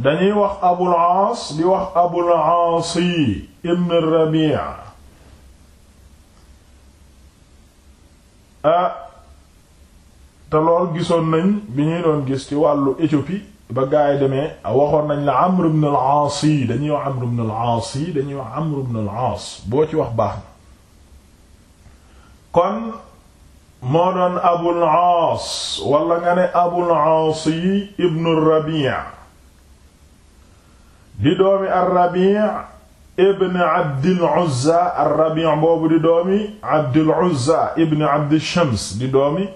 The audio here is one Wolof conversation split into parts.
dañuy wax abul aas di wax abul aas yi ibn ah, te lool gisoon nañ bi ñuy doon gis ci wàllu Éthiopie ba gaay demee waxoon nañ la amr ibn al dañuy wax amr ibn al aas wax amr boo ci wax baax na kon moo doon abul aas wala nga ne abul aas yi ibn di doomi ar-Rabi' ibn Abdil Uzza ar-Rabi' boobu di doomi Abdil Uzza ibn Abdi Shams di doomi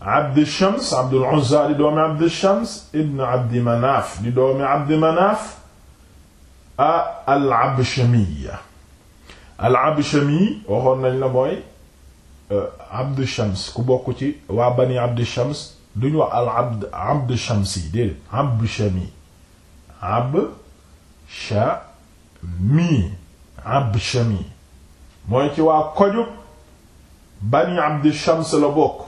Abdi Shams Abdul Uzza di doomi Abdi Shams ibn Abdi Manaf di doomi Abdi Manaf a al-Abshami al-Abshami waxoon nañ la mooy eh, Abdi Shams ku bokk ci waa bani Abdi Shams duñu wax al-Abd Abdi Shams yi déedéet Abshami ab Shami mooy ci waa koju bani Abdi la bokk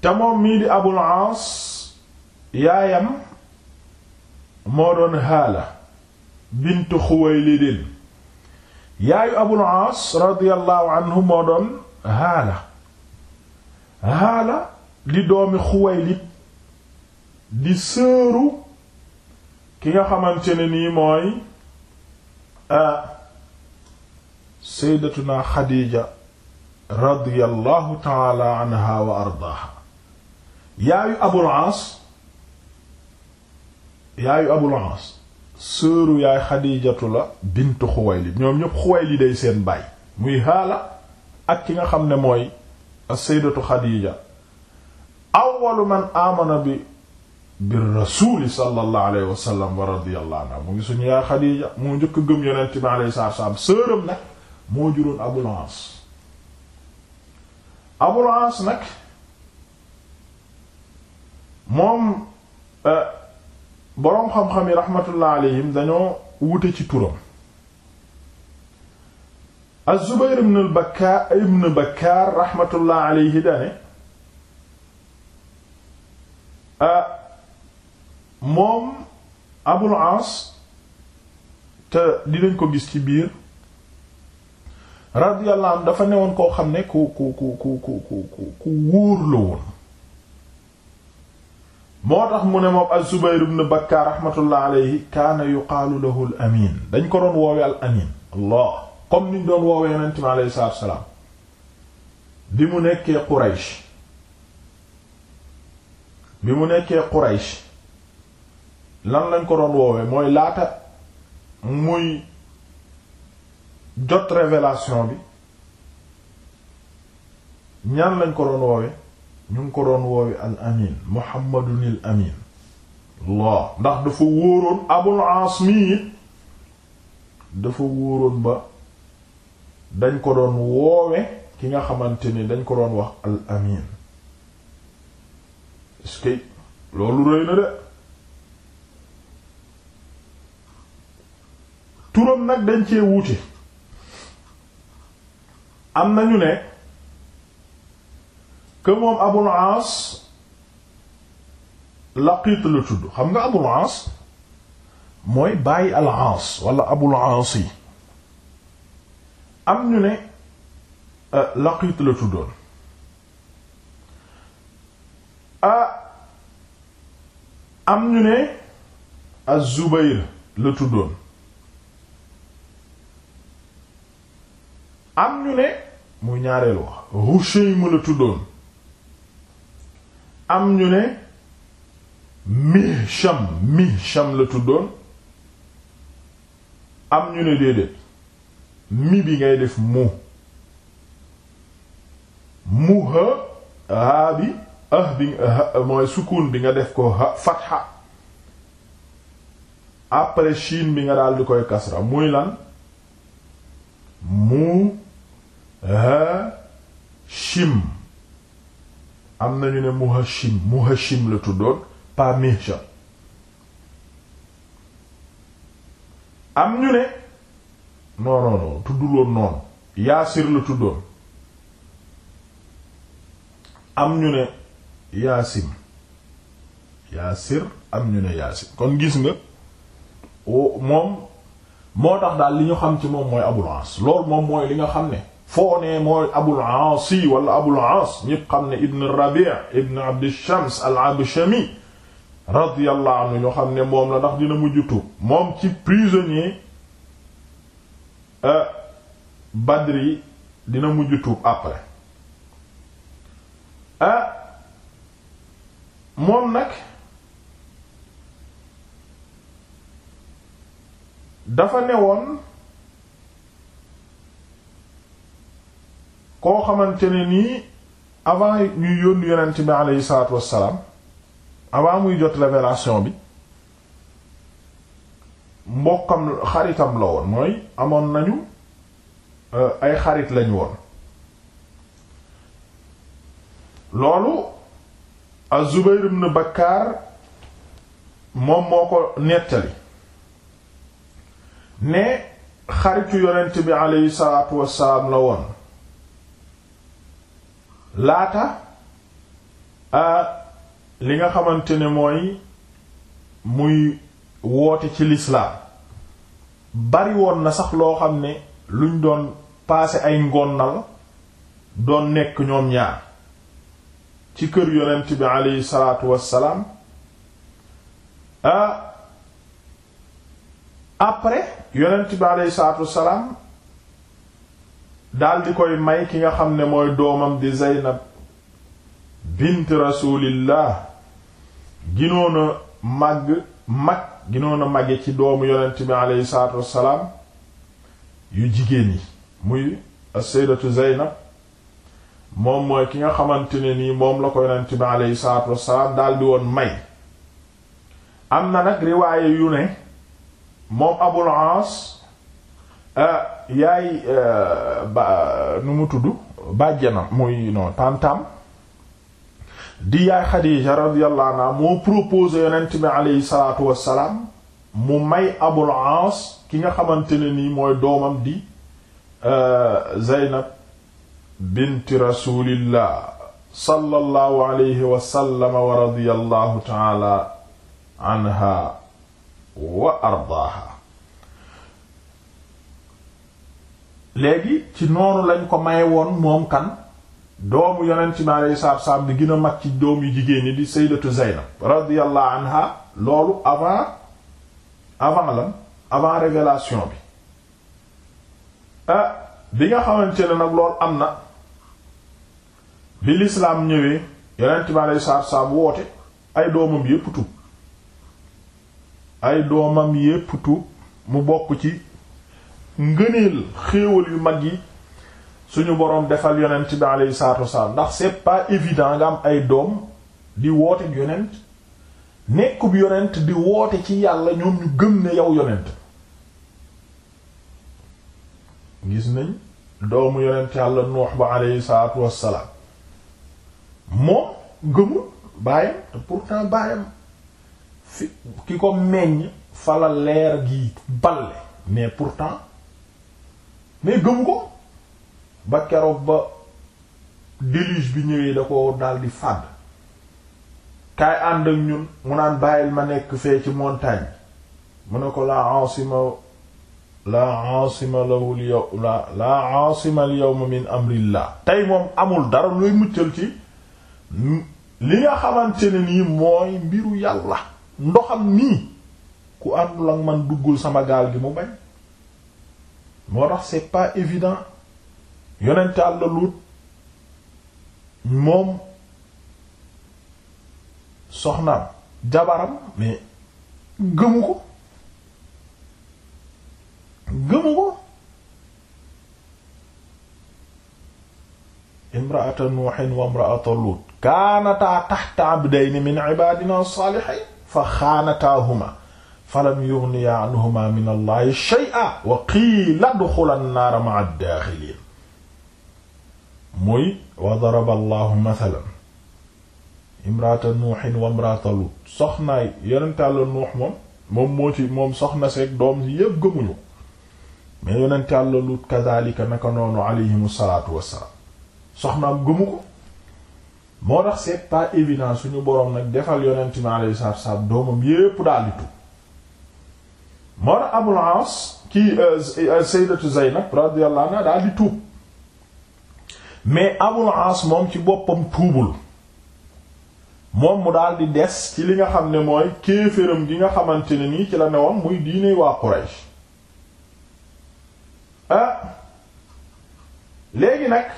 te mii di Abul Aas yaayam moo doon Haala bint Xuwaylid yaayu Abul Aas radiyallahu moo doon Haala Haala di doomi Xuwaylid di sëru ki nga xamante ne nii mooy sayyidatuna Xadiija radiyallahu taala anha wa ardaaha yaayu Abul Aas yaayu Abul Aas sëru yaay Xadiijatu la bintu Xuwaylid ñoom ñëpp Xuwaylid day seen baay muy haala ak ki nga xam ne mooy as-sayyidatu Xadiija awwalu man amana bi bir rasuli sallallahu alayhi wa sallam wa radiyallahu anha mu ngi suñu yaay Xadiija moo njëkk gëm yonent bi alayhi salaatu wa salaam sëram nag moo juróon Abul Aas Abul Aas nag moom euh, boroom xam-xam yi rahmatullah alayhim dañoo wute ci turam Az-Zubayr ibn al-Bakkaar ibn Bakkaar rahmatullah alayhi dane ah moom Abul As te dinañ ko gis ci biir radiyallahu anhu dafa newoon koo xam ne ku ku ku ku ku ku ku wóor la woon moo tax mu ne moom az-Zubayr ibn Bakkar rahmatullah alayhi kaana yuqaalu lahu al dañ ko doon woowee al-Amin Allah comme niñ doon woowee yonent mi alayhi salaatu salaam bi mu nekkee Quraysh bi mu nekkee Quraysh lan lañ ko doon woowee mooy laata muy jot révélation bi ñaan lañ ko doon woowe ñu ngi ko doon woowe al amin muhammadunil amin Allah ndax dafa wóoroon abul aas mi dafa wóoroon ba dañ ko doon woowe ki nga xamante ni dañ ko doon wax al amin loolu rëy na de ñoom nag dañ cee wuute am nañu ne que moom Abul Aas Laqiit la tudd xam nga Abul Aas mooy bàyyi al Aas wala Abul Aas yi am ñu ne euh, Laqiit la tuddoon ah am ñu ne Az-Zubayr la tuddoon am ñu ne muy ñaareelu wax Hushaym la tuddoon am ñu ne Mihsham Mihsham la tuddoon am ñu ne déedéet mi bi ngay def mu mu ha haa bi ah mooy sukun bi nga def ko ha fatha après shin bi nga daal di koy kasra muy lan mu Haashim am nañu ne Muhashim Muhashim la tuddoon pas Mihsham am ñu ne non tudduloon noonu Yaasir la tuddoon am ñu ne Yaasim Yaasir am ñu ne Yaasim kon gis nga moom moo tax daal li ñu xam ci moom mooy Abul As loolu moom mooy li nga xam ne foo ne mooy Abul Aas wala Abul Aas ñëpp xam ne Ibn Rabi' Ibn Abd Shams al-Abshami radiyallahu anhu ñu xam ne moom la ndax dina mujj tuub moom ci prisonnier euh, Badri dina mujj tuub après euh, moom nag dafa newoon koo xamante ne nii avant ñuy yónni yonent bi aleyhi salaatu wassalaam avant muy jot révélation bi mbokkam xaritam la woon mooy amoon nañu euh, ay xarit lañu woon loolu az-Zubayr ibn Bakkar moom moo ko nettali ne xaritu yonent bi aleyhi salaatu wassalaam la woon laata li nga xamante ne mooy muy woote ci lislaam bari woon na sax loo xam ne luñ doon paase ay ngonnal doon nekk ñoom ñaar ci kër yonent bi aleyhi salaatu wassalaam après yonent bi aleyhi salaatu wassalaam daal di koy may ki nga xam ne mooy doomam di Zeynab bint rasulillah ginoon a màgg mag ginoon a màgge ci doomu yonent bi aleyhi salaatu wassalaam yu jigéen yi muy as-sayyidatu Zeynab moom mooy ki nga xamante ne nii moom la ko yonent bi aleyhi salaatu wassalaam daal di woon may am na nag riwaaye yu ne moom Abul Aas ah, yaay euh, ba nu mu tudd bàjjanam muy non tantam di yaay Xadiija radiyallahu anha moo proposé yonent bi aleyhi salaatu wassalaam mu may Abul Aas ki nga xamante ne nii mooy doomam di euh, Zeynab binti rasulillah sallallahu alayhi wa sallam wa radiyallahu ta'ala anha wa ardaaha léegi ci noonu lañ ko maye woon moom kan doomu yonent bi aleyhi salaatu salaam di gën a mag ci doom yu jigéen ñi di sayyidatu Zaynab radiyallahu anha loolu avant avant lan avant révélation bi ah bi nga xamante ne nag loolu am na bi lislaam ñëwee yonent bi aleyhi salaatu salaam woote ay doomam yépp tuub ay doomam yépp tuub mu bokk ci ngëneel xéewal yu mag yi suñu boroom defal yonent bi alayhi salaatu wasalaam ndax c'est pas évident nga am ay doom di woote yonent nekkub yonent di woote ci yàlla ñoom ñu gëm ne yow yonent gis nañ doomu yonent yàlla nuux ba alayhi salaatu wassalaam moom gëmul baayam pourtant baayam fi ki ko meññ fala leer gi balle mais pourtant mais gëmu ko ba keroog ba déluge bi ñëwee da ko daldi di fàdd kaay ànd ak ñun mu naan bàyyil ma nekk fee ci montagne mu ne ko laa asima laa asima lahul yow la laa min amrillah tey moom amul dara looy muccal ci li nga xamante ne nii mooy mbiru yàlla ndoxam nii ku àndul ak man duggul sama gaal gi mu bañ moo tax c'est pas évident yonent Yàlla Luut moom soxnaam jabaram mais gëmu ko gëmu ko imraata nuuhin wa Luut kaanataa tahta abdayni min ibaadina saalihiin fa xaanataahuma falam yughniya anhuma min allahi shay'a wa qiila duxula annaara ma'a daaxiliin muy wa daraba allahu mathalan imraata nuuxin wa imraata lut soxnaay yonentaala nuux moom moom moo ci moom soxna seeg doom si yépp gëmuñu mais yonentaala lut kadhalika naka noonu alayhimu salaatu wassalaam soxnaam gëmu ko moo tax c'est pas évident suñu boroom nag defal yonent mi alayhi salaatu wassalaam doomam yépp daal moo tax Abul Aas ki euh, euh, Sayyidatu Zaynab radiyallahu anha daal di tuub mais Abul Aas moom ci boppam tuubul moom mu daal di des ci li nga xam ne mooy kéeféram gi nga xamante ne nii ci la newam muy diine waa Quraysh euh, léegi nag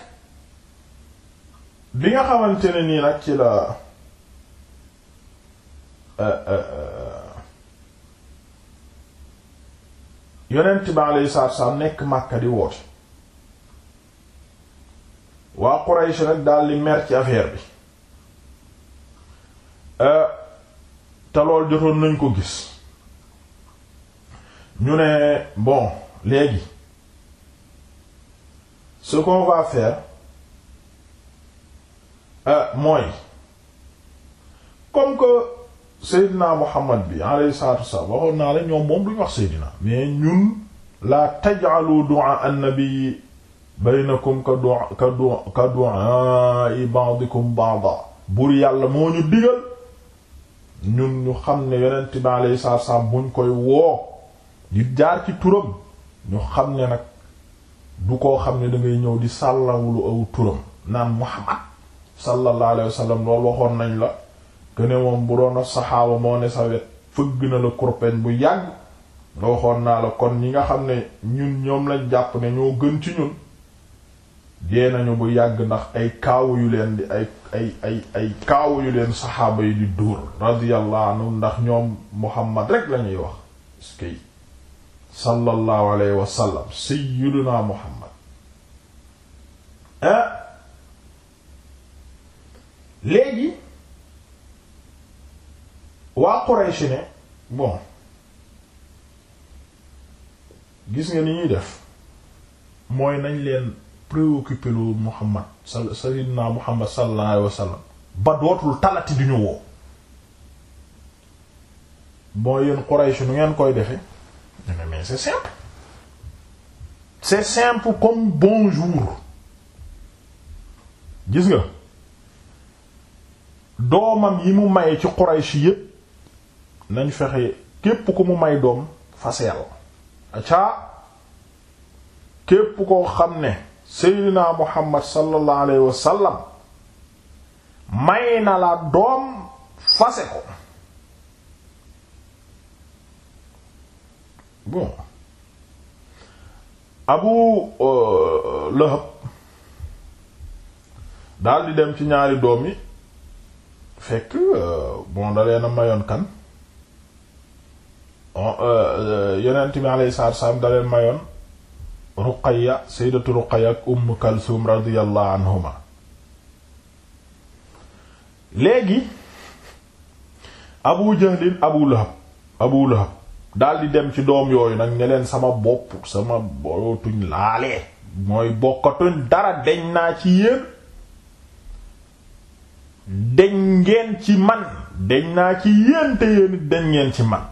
bi nga xamante ne nii nag ci la. yonent bi alayhi salaatu salaam nekk Makka di woote waa Quraysh nag daal di mer ci affaire bi euh, te lool jotoon nañ ko gis ñu ne bon léegi su qu'on va faire euh, mooy comme que Seydina Muhammad bi alayhi salaatu wassalaam waxoon naa la ñoom moom duñ wax Seydina mais ñun la taj'alu du'a an baynakum ka du'a ka du'a ka du'a ba'dikum ba'da buur yàlla moo ñu digal ñun ñu xam ne yonent bi alayhi salaatu wassalaam koy woo di jaar ci turam ñu xam ne nag du koo xam ne dangay ñëw di sàllawlu aw turam naan Muhammad sallallahu alayhi loolu waxoon nañ la ne moom bu doon saxaaba moo ne sa wet fëgg na la kurpeñ bu yàgg waxoon naa la kon ñi nga xam ne ñun ñoom lañ jàpp ne ñoo gën ci ñun dee nañu bu yàgg ndax ay kaawu yu leen di ay ay ay kaawu yu leen saxaaba yi di dóor radiyallahu anhu ndax ñoom muhammad rek lañuy wax skey sallallahu alayhi wa sallam sayyiduna muhammad ah! léegi waa Quraysh ne bon gis nga ni ñuy def mooy nañ leen préoccupé lu Muhammad sayyidina Muhammad sallallahu alayhi wa sallam ba dootul talati du ñu woo bon yéen Quraysh nu ngeen koy defe ne mais c'est c'est comme bonjour gis nga doomam yi mu maye ci Quraysh yépp nañ fexe képp ku mu may doom faseel acaa képp koo xam ne seydinaa muhammad sallallahu alayhi wa sallam may na la doom fase ko bon abu euh, lahab daldi dem ci ñaari doom yi fekk euh, bon da leen mayoon kan Oh, euh, euh, yonent bi alayhi salaatu wassalaam da leen mayoon ruqaya sayyidatu ruqaya ak umm kalsum radiyallahu anhuma léegi abu jahlin abu lahab abu lahab daldi dem ci doom yooyu nag ne sama bopp sama bootuñ laalee mooy bokkatuñ dara deñ naa ci yéen deñ ngeen ci man deñ naa ci yéen te yéen deñ ngeen ci man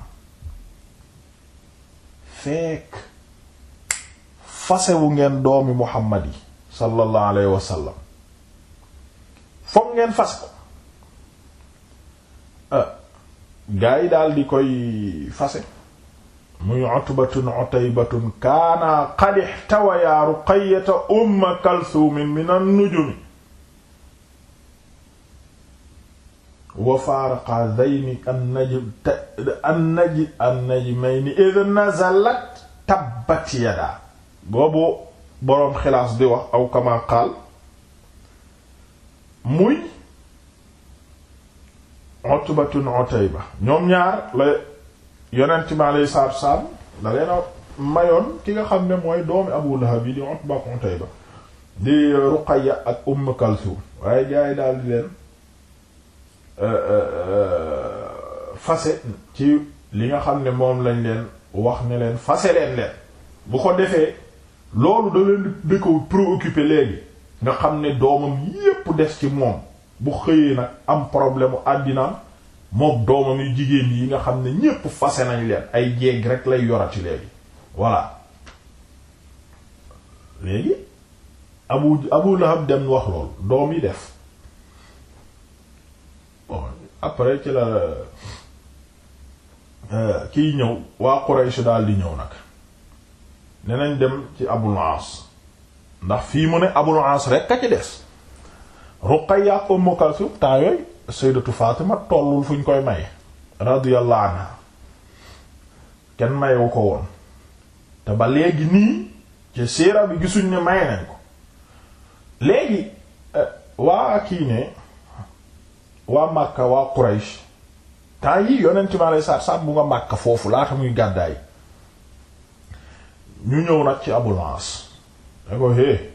fekk fasewu ngeen doomi muhammad yi sallallahu alayhi wa sallam foog ngeen fas ko ah, yi daal di koy fase muy utbatun utaybatun kaana qad ihtawaya ruqayyata umm kalsuumin min an-nujum wa faaraqa zayni an najm an naj an najmayni idh nazalat tabbat yada di wax aw kama qaal muy utbatun utayba ñoom ñaar la yonent bi alayhi salaatu leena mayoon ki nga xam ne mooy doomi abu lahab yi di utba ak di ruqayya ak umm kalsum waaye jaay daal leen Euh, euh, euh, fase ci li nga xam ne moom lañ leen wax ne leen fase leen leen bu ko defee loolu da leen di ko préoccuper léegi nga xam ne doomam yépp def ci moom bu xëyee nag am problème u àddinaam mook doomam yu jigéen yi nga xam ne ñépp fase nañ leen ay jeeg rek lay yorati léegi voilà léegi abu abu lahab dem wax loolu doom yi def après ci la euh, kiy ñëw waa Quraysh dal di ñëw nag nenañ dem ci Abul Aas ndax fii mu ne Abul Aas rek a ci des Ruqayya ak Ummu Kalsum temps yooyu Sayyidatu tollul fu ñu koy maye radiyallahu anha kenn mayewu ko woon te ba léegi nii ci siira bi gisuñ ne maye nañ ko léegi euh, waa kii ne waa Makka waa Quraysh temps yi yonent mi aleyhi salaatu bu nga Makka foofu laata muy gàddaay ñu ñëw nag ci Abul Aas ko hé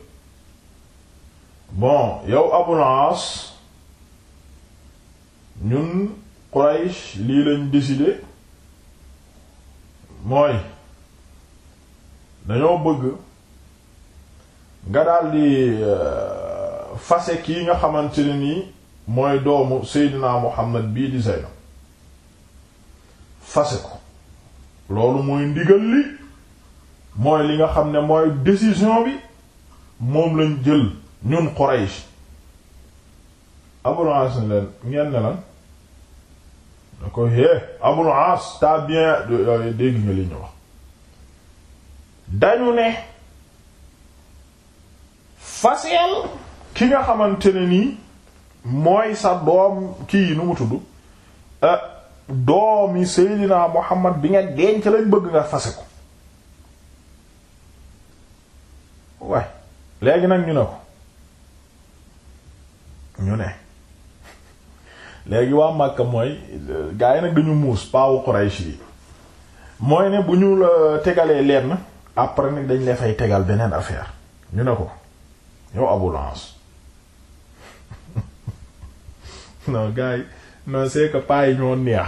bon yow Abul ñun Quraysh lii lañ décidé mooy dañoo bëgg nga daldi euh, fase kii nga xamante ne nii mooy doomu Seydina Muhammad bii di Zaynab fase ko loolu mooy ndigal li mooy li nga xam ne mooy décision bi moom lañ jël ñun Quraysh Abul Aas ne leen ngeen ne lan da ko hee Abul Aas taa bien euh, dégg nga li ñu wax dañu ne faseel ki nga xamante ne nii mooy sa doom kii nu mu tudd euh, doomi Seydina Muhammad bi nga denc lañ bëgg nga fase ko waay léegi nag ñu ne ko ñu ne léegi waa Makka mooy gaa yi nag dañu muus paawu Quraysh yi mooy ne bu ñuul la tegalee lenn après nag dañ la fay tegal beneen affaire ñu ne ko yow Abu non gars yi non c'est paa yi ñoo neex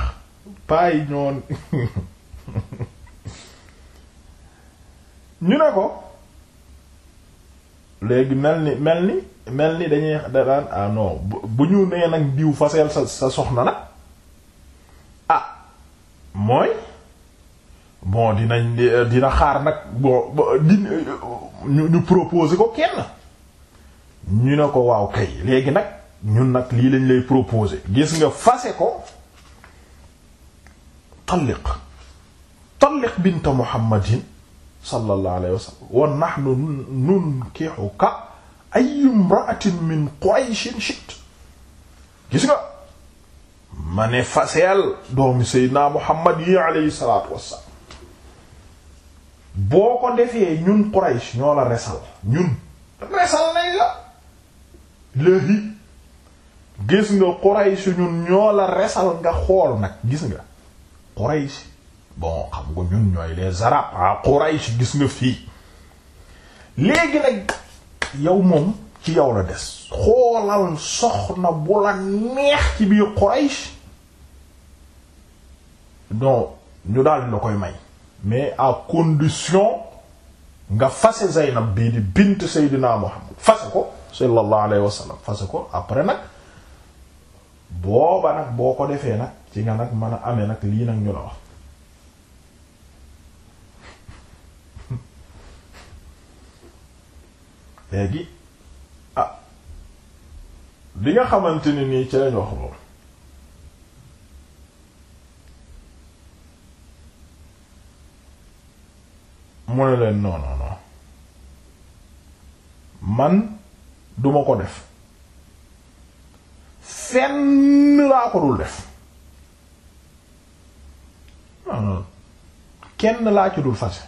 paa yi ñoo ñu ne ko léegi mel ni mel ni mel ni dañuy da daan ah non bu ñu nee nag diw faseel sa sa soxna nag ah mooy bon dinañ dina xaar nag bon di ñu ñu proposer ko kenn ñu ne ko waaw kay léegi nag. ñun nag lii lañ lay proposer gis nga fase ko talliq talliq binta muhammadin sallallahu alayhi wa sallam wa nahnu nunkihuka ayyu imra'atin ne faseel doomi seydina muhammad yi alayhi salaatu wassalaam ko defee ñun la gis nga Quraysh ñun ñoo la resal nga xool nag gis nga Quraysh bon xam nga ñun ñooy les arabes ah Quraysh gis nga fii léegi nag yow moom ci yow la des xoolal soxna bu la neex ci biir Quraysh donc ñu daal la koy may mais à condition nga fase Zaynab bii di bint Seydina Muhammad fase ko sallallahu alayhi wa sallam fase ko après nag booba nag boo ko defee nag ci nga nag mën a amee nag lii nag ñu la wax léegi ah bi nga xamante ni nii ci lañ wax loolu mu ne leen non non man duma ko def fenn laa ko dul def kenn laa ci dul fase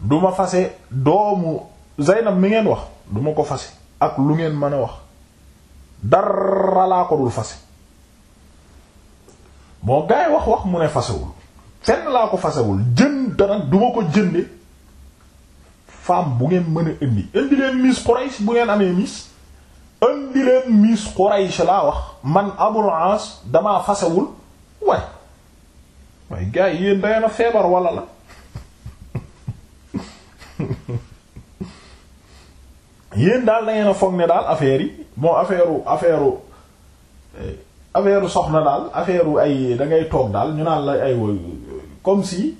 duma fase doomu Zaynab mi ngeen wax duma ko fase ak lu ngeen mën a wax dara laa ko dul fase moo gaa wax wax mu ne fasewul fenn laa ko fasewul jën dara duma ko jënde femme bu ngeen mën a indi indi leen miss Quraish bu ngeen amee miss indi leen miis Quraysh laa wax man Abul Aas damaa fasewul waay waaye gars yi yéen dayana feebar wala la yéen daal da a foog ne daal affaire yi moo affaire affaire eh, affaire soxna daal affaire ay dangay ngay toog daal ñu naan la ay comme si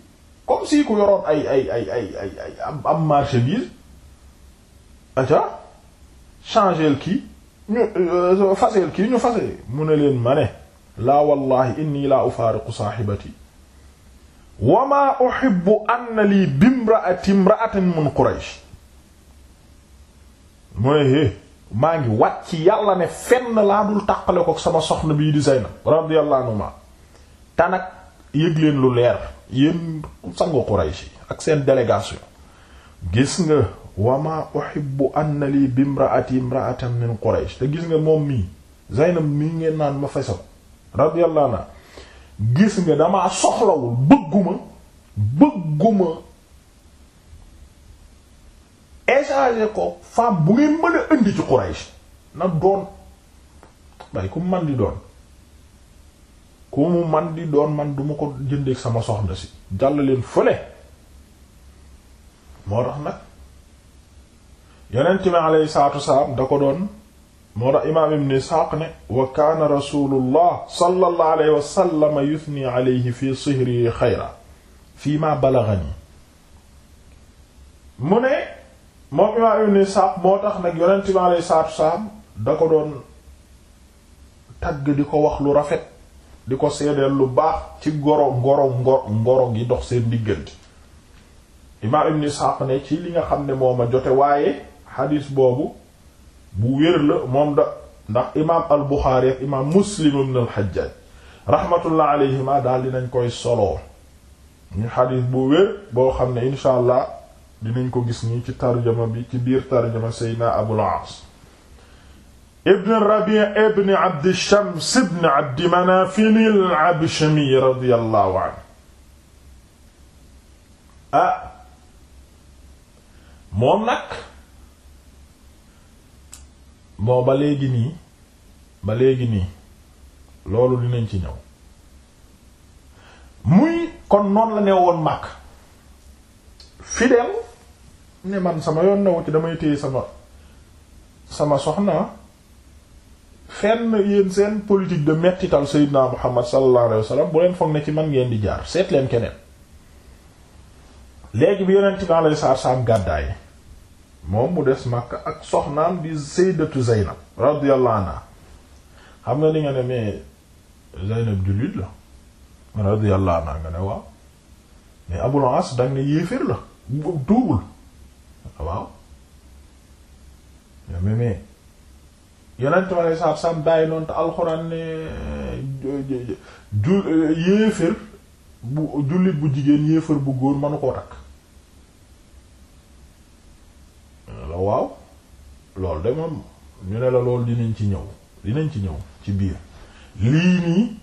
comme si ku yoroon ay ay ay ay ay am marchandise aca changer kii ñu euh, faseel kii ñu fasee mu ne leen ma ne laa wallahi inni laa ufaariqu saaxibati wa maa uhibbu anna lii bimra'ati imra'atin min quraysh mu ne hé eh, maa ngi wat ci yàlla ne fenn laa dul tàqale ko sama soxna bii di Zaynab radiyallahu anha yëg leen lu leer yéen sango Quraysh ak seen délégation gis nga wa ma uhibbu anna li bimraati imraatan min Quraysh te gis nga moom mii Zaynab mii ngeen naan ma fese ko radiyallahu anha gis nga damaa soxlawul bëgguma bëgguma échanger ko femme bu ngeen mën a indi ci Quraysh na doon bay ku man di doon ku mu man di doon man duma ko jëndeek sama soxna si jàll leen fële moo tax nag yonent mi aleyhi salaatu wasalaam da ko doon moo tax imaam ibn isxaaq ne wa kaana rasulullah sallallahu alayhi wa sallam fi sihri xayra fii ma balaghani mu ne moom imaam ibn moo tax nag yonent mi aleyhi salaatu wasalaam da ko doon tagg di ko wax lu rafet di ko seedeel lu baax ci goro ngoro ngoro ngoro gi dox seen diggante imaam ibn isxaaq ne ci li nga xam ne moo ma jote waaye xadiis boobu bu wér la moom da ndax imaam al buxaari ak imaam muslim ibn al xajjaaj rahmatullah alayhima daal dinañ koy soloo ñu xadiis bu wér boo xam ne incha allah dinañ ko gis nii ci tarjama bi ci biir tarjama seydna abul aas ibn rabi ibn abdi shams ibn abdi manafin al abshami radiyallahu anhu ah moom nag bon ba léegi nii ba léegi nii loolu dinañ ci ñëw muy kon noonu la ne woon màkk fidèle ne man sama yoon newu ci damay téye sama sama soxna fenn yéen seen politique de mettital Seydina Muhammad sallallahu alayhi wa sallam bu leen foog ne ci man ngeen di jaar seetleen keneen léegi bi yonent bi alayhi salaam gàddaay moom mu des Makka ak soxnaam di sayyidatu Zaynab radiyallahu anha xam nga ni nga ne mais Zaynab jullit la radiyallahu anha nga ne waaw mais Abul As danga ne yéeféer la tuubul waaw mais mais yonent ma ne saab saab bàyyi alxuraan ne ju yéeféer bu jullit bu jigéen yéeféer bu góor manu koo takk la waaw loolu de moom ñu ne la loolu dinañ ci ñëw dinañ ci ñëw ci biir lii nii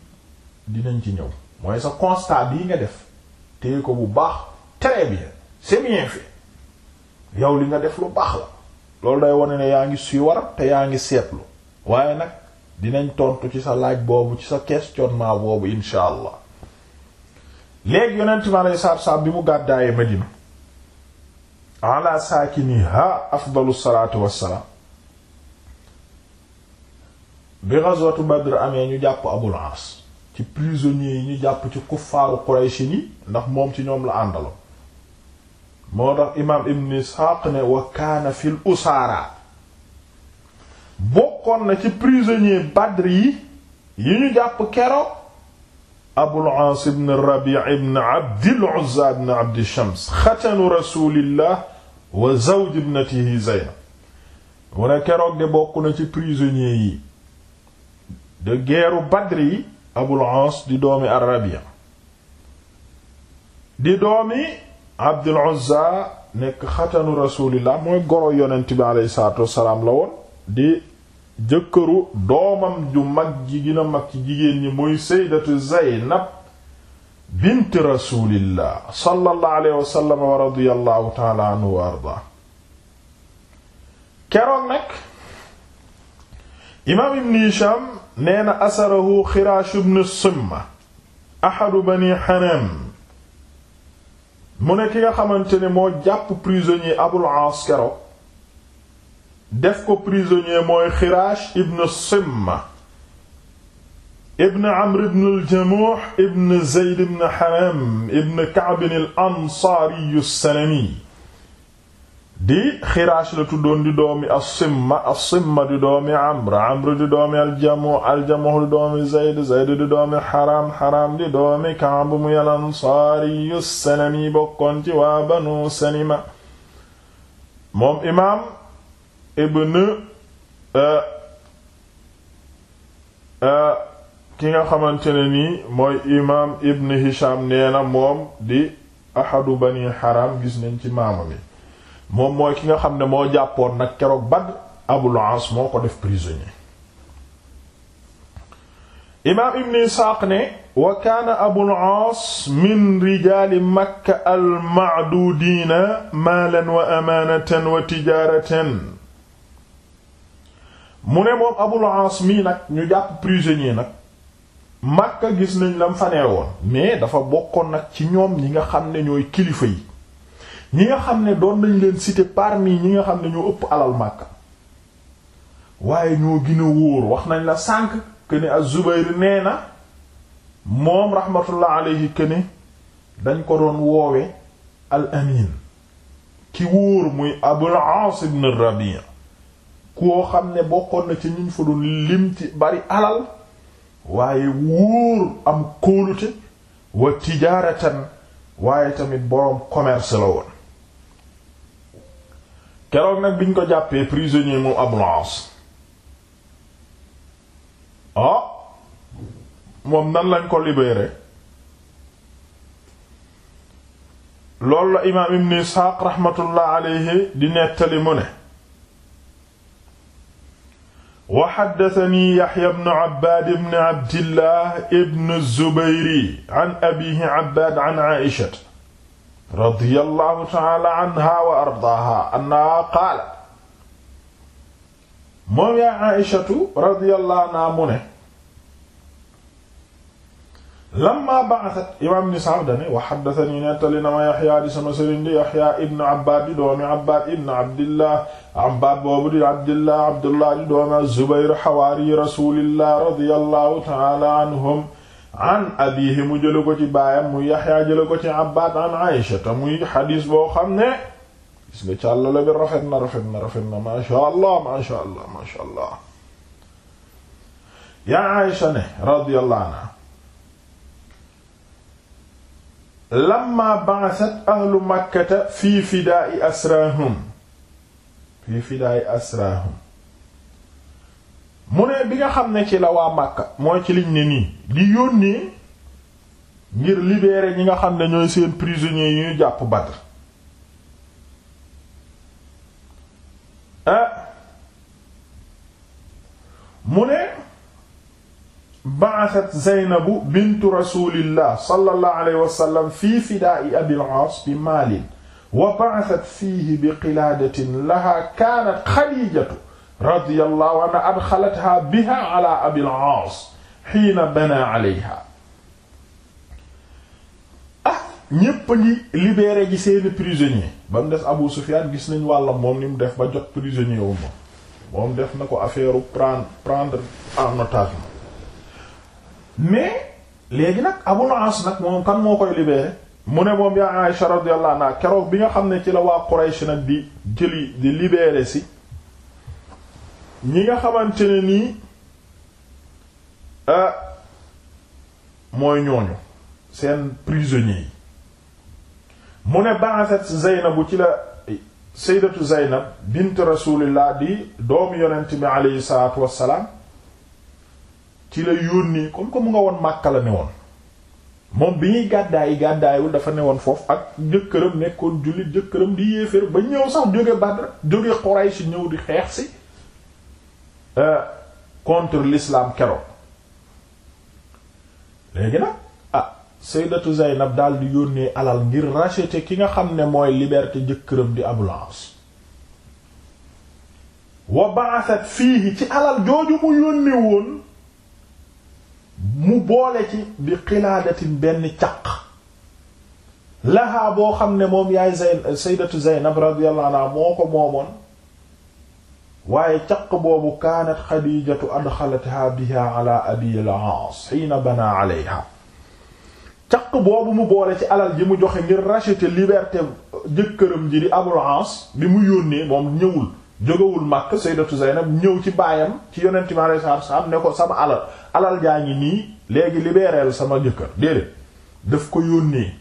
dinañ ci ñëw mooy sa constat bii nga def téye ko bu baax très bi c'est bien fait yow li nga def lu baax la loolu day wane ne yaa ngi suivre te yaa ngi seetlu waaye nag dinañ tontu ci sa laaj boobu ci sa questionnement boobu incha allah léegi yonent mi aleyhi salaatu salaam bi mu gàddaayee Madina ala saakiniha afdalu salaatu wassalaam bi ghazwatu Badr amee ñu jàpp Abul Aas ci prisonniers yi ñu jàpp ci kuffaaru Quraysh ni ndax moom ci ñoom la àndalo moo tax imaam Ibn Isxaaq ne wa fil usaara bokkoon na ci prisonnier Badr yi yi ñu jàpp kero Abul Aas ibn Rabi' ibn Abdil Uzza ibn Abdi Shams xatanu rasulillah wa zawj ibnatihi Zaynab mu ne keroog de bokk na ci prisonnier yi de guerre Badr yi Abul Aas di doomi ar di doomi Abdil Uzza nekk xatanu rasulillah mooy goro yonent bi aleyhi salaatu la woon di jëkkëru doomam ju mag ji gën mag ci jigéen ñi muy sayyidatu Zaynab bint rasulillah sallallahu alayhi wa sallam wa radiyallahu ta'ala anhu wa arda keroon na asarahu Xiraash ibn Simma ahadu bani Haram mu ne ki nga xamante ni moo jàpp prisonnier Abul Aas keroog def ko prisonnier mooy xiraash ibn simma ibn amr ibn aljamuux ibn zeyd ibn haram ibn kaabin al ansaariyu di xiraash la tuddoon di doomi as-simma di doomi amr amr di doomi aljamuux aljamuux di doomi zeyd zeyd di doomi haram haram di doomi kaab muy al ansaariyu bokkoon ci waa banu salima moom imaam ibn euh, euh, ki nga xamante ne nii mooy imaam ibn Hisham nee ci maama bi moom nga xam ne moo jàppoon nag keroog Badr Abul As moo wa kaana Abul As min rijaali Makka al-ma'duudiina wa amaanatan wa tijaaratan mu ne moom Abul Aas mii nag ñu jàpp prisonnier nag Makka gis nañ lam fanee woon mais dafa bokkoon nag ci ñoom ñi nga xam ne ñooy kilifa yi ñi nga xam ne doon nañ leen cité parmi ñi nga xam ne ñoo ëpp alal Makka waaye ñoo gën a wóor wax nañ la sànq que ne Az-Zubayr nee na moom rahmatullah alayhi que ne dañ ko doon woowe al amin ki wóor muy Abul Aas ibn Rabi' koo xam ne bokkoon na ci ñuñ fa doon lim ci bari alal waaye wóor am kóolute wa tijaaratan waaye tamit boroom commerce la woon keroog nag biñ ko jàppee prisonnier moom Abul Aas ah, moom nan lañ ko libéré loolu la imaam Ibn Isxaaq raxmatullah alayhi di nettali mu ne wa xaddatani yaxya bnu abbaad ibn abdillah ibn zubayri an abiihi abbaad an aishata radiyallahu taala anha wa ardaaha annaha qaala moom yaa aishatu radiyallahu anha mu ne lamma ba'athat imaam ni sax dane wa haddathanii nettali na ma yaxyaa di sama sëriñ di yaxyaa ibn abbaad di doomi abbaad ibn abdillah abbaad boobu di abdillah abdullah di doomi az-zubayr xawaari rasulillah radiyallahu ta'ala anhum an abiihi mu jële ko ci baayam muy yaxyaa jële ko ci abbaad an aysha te muy xadiis boo xam ne gis nga càllale bi rafet na rafet na rafet na maa sha allah maa sha allah maa sha allah yaa aysha ne radiyallahu anha lamma ba'athat ahlu makkata fii fidaa'i asraahum fii fidaa'i asraahum mu ne bi nga xam ne ci la waa Makka mooy ci liñ ne nii di yónnee ngir libérer ñi nga xam ne ñooy seen prisonniers yi ñu jàpp Badr ah mu ne ba'athat Zeynabu bintu rasulillah sallallahu alayhi wa sallam fii fidaa'i abil aas bi maalin wa ba'athat fiihi bi qilaadatin lahaa kaanat xadiijatu radiyallahu anha adxalathaa bihaa alaa abil aas hiina banaa alayhaa. ah ñépp a ngi libéré ji seeni prisonnier ba mu des Abu Sufyaan gis nañ wàlla moom ni mu def ba jot prisonnier wu moom moom def na ko affaire prendre prendre en otage. mais léegi nag Abul As nag moom kan moo koy libéré mu ne moom yaa Aïsha radiyallahu anha keroog bi nga xam ne ci la waa Quraysh nag di jëli di libéré si ñi nga xamante ne nii ah mooy ñooñu seen prisonniers yi mu ne ba'athat Zeynabu ci la sayyidatu Zeynab bint rasulillah di doomu yonent bi aleyhi salaatu wassalaam ci la yónnee comme que mu nga woon Màkka la ne woon moom bi ñuy gàddaay yi gàddaayul dafa ne woon foofu ak jëkkëram nekkoon jullit jëkkëram di yéeféer ba ñëw sax jóge Badr jóge Quraysh ñëw di xeex si euh, contre l'islam keroog léegi nag ah Sayyidatu Zaynab daal di yónnee alal ngir racheter ki nga xam ne mooy liberté jëkkëram di Abul As wa ba'athat fiihi ci alal jooju mu yónnee woon mu boole ci bi xilaadatin benn caq lahaa boo xam ne moom yaay Zayn saydatu Zaynab radiyallahu anha moo ko moomoon waaye caq boobu kaanat Xadiijatu adxalatha biha ala Abi al-Aas hiina bana alayha caq boobu mu boole ci alal ji mu joxe ngir racheter liberté jëkkëram ji di Abul Aas bi mu yónnee moom ñëwul jógawul Makka Sayyidatu Zaynab ñëw ci baayam ci yonenti mi alayhi salaatu salaam ne ko sama alal alal jaa ngi nii léegi libéréel sama jëkkër déedéet daf ko yónnee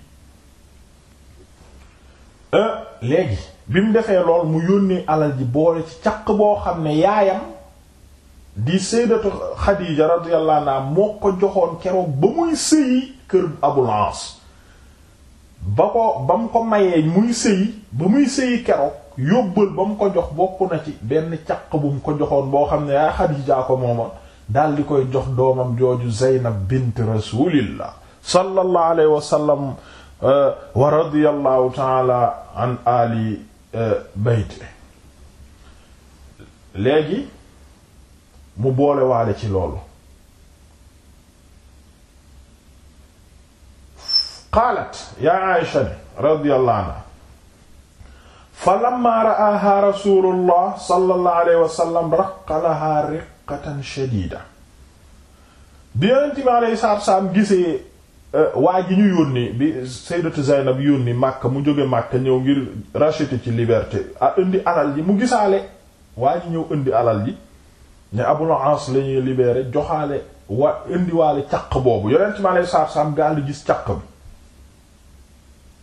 euh, léegi bi mu defee lool mu yónnee alal ji boole ci caq boo xam ne yaayam di Sayyidatu Xadiija radiyallahu anha moo ko joxoon keroog ba muy sëyi kër Abul ba ko ba mu ko mayee muy sëyi ba muy sëyi kero yóbbal ba mu ko jox bokk na ci benn caq bu mu ko joxoon boo xam ne yaa Xadiija ko moomoon daal di koy jox doomam jooju Zeynab bint rasulillah sallallahu alayhi wa sallam uh, wa radiyallahu taala an ali uh, bayte léegi mu boole waale ci loolu qaalat yaa Aïcha radiyallahu anha fa lamma ra'aha rasulullah sallallahu alayhi wa sallam raqqalaha riqqatan shadida bi yonent bi alayhi salaatu salaam gisee eh, waa ji ñu yónni bi sayyidatu Zaynab yónni Makka mu jóge Makka ñëw ngir racheter ci liberté a indi alal ji mu gisaale waa ji ñëw indi alal ji ne Abul Aas la ñuy libéré joxaale wa indiwaale caq boobu yonent bi alayhi salaatu salaam gaal gis caq bi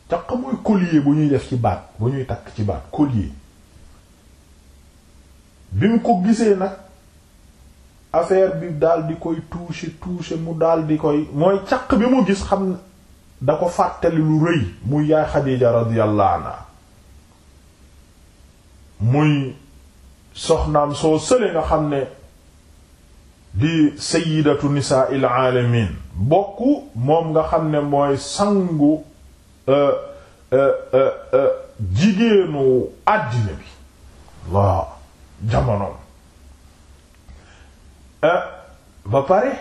caq mooy collier bu ñuy def ci baat bu ñuy takk ci baat collier bi mu ko gisee nag affaire bi daal di koy toucher toucher mu daal di koy mooy caq bi mu gis xam da ko fàttali lu rëy muy yaay Xadiija radiyallahu muy soxnaam soo sële nga xam ne di sayyidatu nisaa il alamin bokk moom nga xam ne mooy sangu Euh, euh, euh, jigéenu àddina bi waaw jamonoom ba pare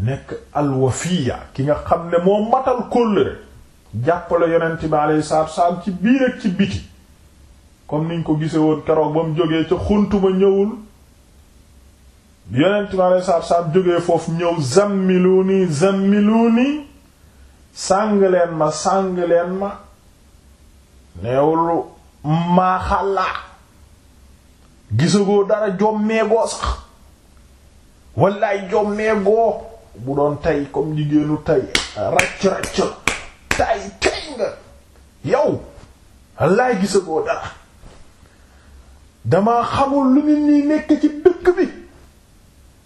nekk alwafiya ki nga xam ne moo matal kóllëre jàppale yonent bi alayhi salaatu salaam ci biir ak ci biti comme niñ ko gisee woon keroog ba mu jógee ca xuntuma ñëwul yonent bi alayhi salaatu salaam jógee foofu ñëw zammiluni zammiluni sàng leen ma sàng leen ma neewul maa xàllaa gisagoo dara jommeegoo sax wallaay jommeegoo bu doon tey comme jigéenu tey racc racc tey tey nga yow wallaay gisagoo dara dama xamul lu nit ñi nekk ci dëkk bi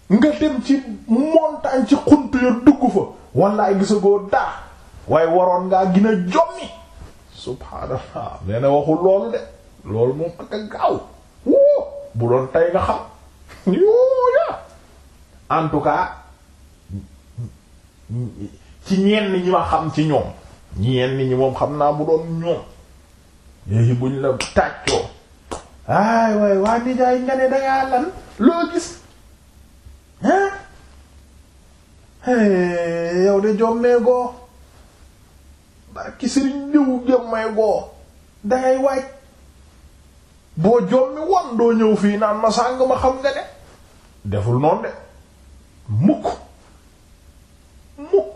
nga dem ci montagne ci xunt ya dugg fa wallaay gisagoo dara waaye waroon ngaa gën a jommi subhaanallah nee na waxul loolu de loolu moom ak gaaw woo bu doon tey nga xam yooya en tout cas ci ñenn ñi ma xam ci ñoom ñenn ñi moom xam naa bu doon ñoom yéegi buñ la tàccoo aay waay waa nijaay nga ne dangaa lan loo gis yow de jommee goo barki sëriñ diw jëm may boo dangay waaj boo jommi won doo ñëw fii naan ma sàng ma xam nga ne deful noonu de mukk mukk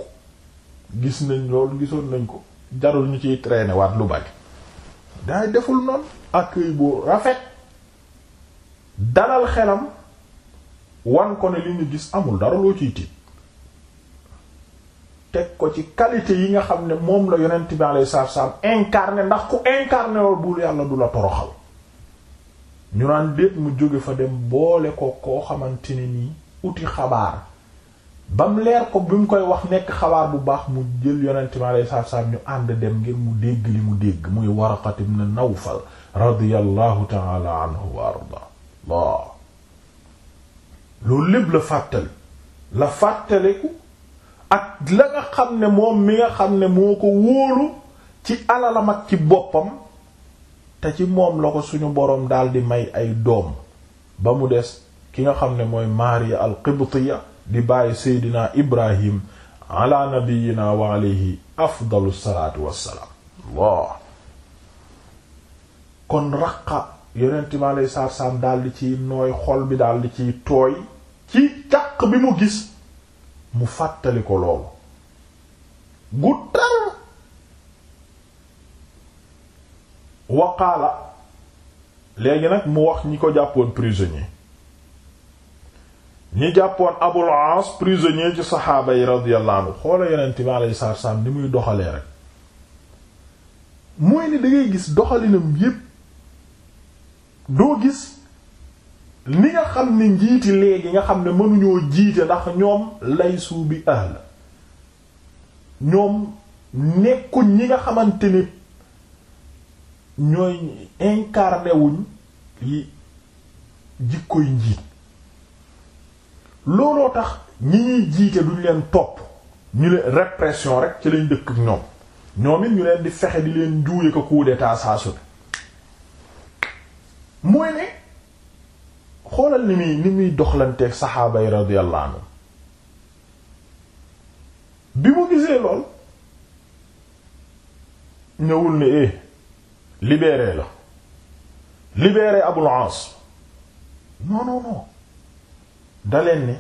gis nañ loolu gisoon nañ ko jarul ñu ciy traîner lu bari dangay deful noonu accueil bu rafet dalal xelam wan ko ne li ñu gis amul dara loo ciy tiit teg ko ci kalité yi nga xam ne moom la yonent bi alayhi salaatu salaam incarné ndax ku incarné wol bul yàlla du la toroxal ñu naan déet mu jóge fa dem boole ko koo xamante ne nii uti xabaar bam leer ko bi mu koy wax nekk xabaar bu baax mu jël yonent bi alayhi salaatu ñu ànd dem ngir mu dégg li mu dégg muy Waraqat ibn Nawfal radiyallahu ta'ala anhu wa arda loolu lépp la fàttali la fàttaliku ak la nga xam ne moom mi nga xam ne moo ko wóolu ci alalam ci boppam te ci moom la ko suñu boroom di may ay doom ba mu des ki nga xam ne mooy Maariya al di bàyyi Seydina Ibrahim ala nabiyyina wa alayhi afdalu salaatu wassalaam Allah kon raqa yonent mi ciy nooy xol bi daldi ciy tooy ci càq bi mu gis mu fàttali ko loolu gu tar waqaala léegi nag mu wax ñi ko jàppoon prisonnier ñi jàppoon Abul Aas prisonnier ci saxaaba yi radiyallahu anhu xoola yonent bi alayhi salaatu salaam ni muy doxalee rek mooy ni da ngay gis doxalinam yépp doo gis li nga xam ne njiiti léegi nga xam ne mënuñoo jiite ndax ñoom lay suu bi ñoom nekkuñ ñi nga xamante ni ñooy incarné wuñ yi jikkoy njiit looloo tax ñi ñuy jiite duñ leen topp ñu leen répression rek ci lañ dëkk ak ñoom ñoom ñu leen di fexe di leen juuye ko coup d'état saa mooy ne xoolal ni muy ni muy doxlanteeg saxaaba yi radiyallahu anhum bi mu gisee lool ñëwul ne eh libéré la libéré Abul Aas non non non daleen ne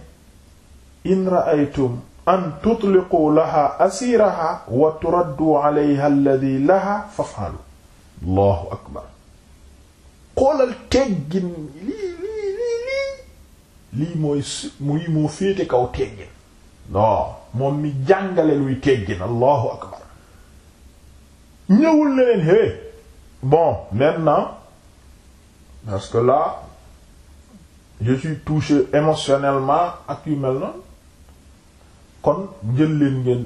in ra'aytum an tutliqu laha asiraha wa turaddu alayha alladhi laha faf'alu allahu akbar xoolal teggin lii lii mooy si muy moo féete kaw teggin non moom mi jàngale luy teggin allahu akbar ñëwul ne leen hé bon maintenant parce que là je suis touché émotionnellement ak yu mel noonu kon jël leen ngeen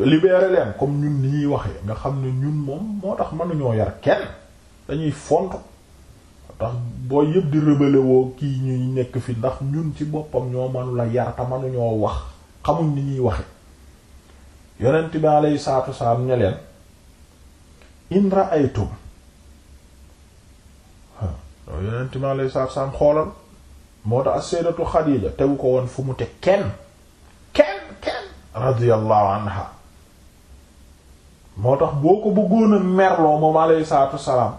libéré leen comme ñun ni ñuy waxee nga xam ne ñun moom moo tax mënuñoo yar kenn dañuy font tax booy yëpp di rébale woo kii ñuy nekk fii ndax ñun ci boppam ñoo manu la yar te ñoo wax xamuñ ni ñuy waxe yonent bi alayhi salaatu wasalaam ne leen in ra'aytum waaw yonent bi alayhi salaatu wasalaam xoolal moo tax as Xadiija tegu ko woon fu mu te kenn kenn kenn radiyallahu anha moo tax boo ko bëggoon a merloo moom alayhi salaatu wasalaam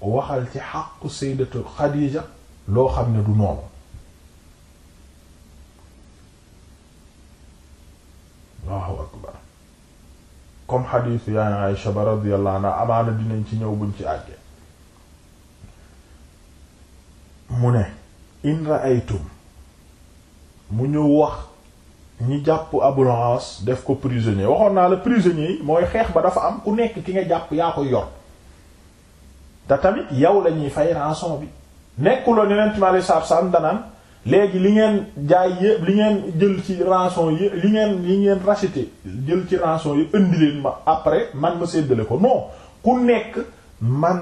waxal ci xàqu sayyidatu Xadiija loo xam ne du noonu Allahu akbar comme xadiisu yaa Aysa ba radiyallahu anha amaana dinañ ci ñëw buñ ci àggee mu ne in ra'aytum mu ñëw wax ñi jàpp Abul Aas def ko prisonnier waxoon naa la prisonnier yi mooy xeex ba dafa am ku nekk ki nga jàpp yaa ko yor te tamit yow la ñuy fay rançon bi nekkuloo neneen ci mali saab-saam danaan léegi li ngeen jaay yépp li ngeen jël ci rançon yépp li ngeen li ngeen racheter jël ci rançon yépp indi leen ma après man ma séddale ko non ku nekk man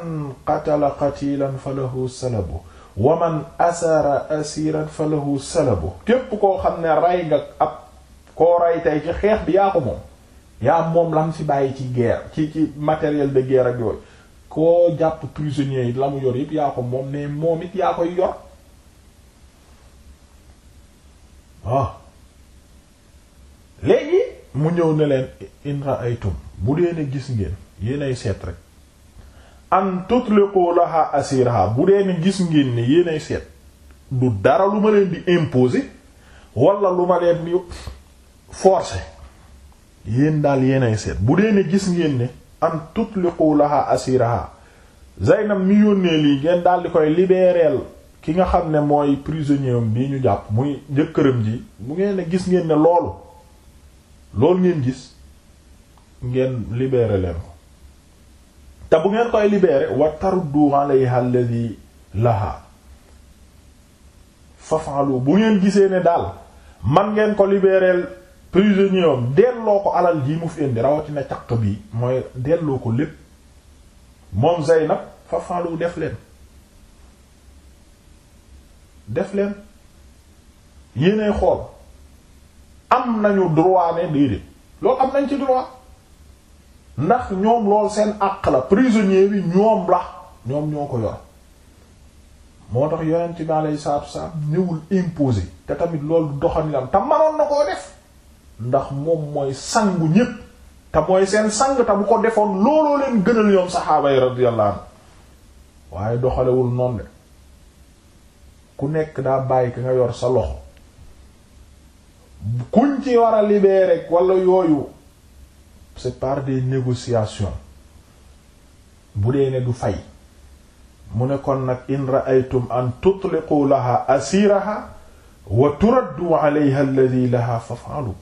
qatala qatilan fa lahu salabu wa man asara asiran fa lahu salabu képp koo xam ne rey nga ab koo rey tey ci xeex bi yaa ko moom yaa moom lam si bàyyi ci guerre ci ci matériel de guerre ak yooyu koo jàpp prisonnier yi la mu yor yëpp yaa ko moom mais moom it yaa koy yor waaw ah. léegi mu ñëw ne leen in ra'aytum bu dee ne gis ngeen yéenay seet rek an tutliqu laha asiraha bu dee ne gis ngeen ne yéenay seet du dara lu ma leen di imposer wala lu ma leen di forcer yéen daal yéenay seet bu dee ne gis ngeen ne an tutliqu laha asiraha Zaynab mi yónnee lii ngeen daal di koy libérer ki nga xam ne mooy prisonnier bii ñu jàpp muy jëkkëram ji mu ngeen ne gis ngeen ne loolu loolu ngeen gis ngeen libérer leen ko te bu ngeen koy libérer wa taruddu alayha alladhi laha faf'alu bu ngeen gisee ne daal man ngeen ko libeereel prisonnier am delloo ko alal ji mu fi indi rawatina caq bi mooy delloo ko lépp moom Zaynab fa faalu def leen def leen yéenay xool am nañu droit ne déedéet loolu am nañ ci droit ndax ñoom lool seen àq la prisonnier bi ñoom la ñoom ñoo ko yor moo tax yonent ci alayhi salaatu wa salaam ñëwul imposé te tamit loolu doxalinam te manoon na koo def. ndax moom mooy sangu ñépp te mooy seen sang te bu ko defoon looloo leen gënal ñoom saxaaba yi radiyallahu anhu waaye doxalewul noonu de ku nekk daa bàyyi ki nga yor sa loxo kuñ ci war a libérer wala yooyu c'est par des négociations bu dee ne du fay mu ne kon nag in ra'aytum an tutliqu laha asiraha wa turaddu alayha alladhi laha faf'alu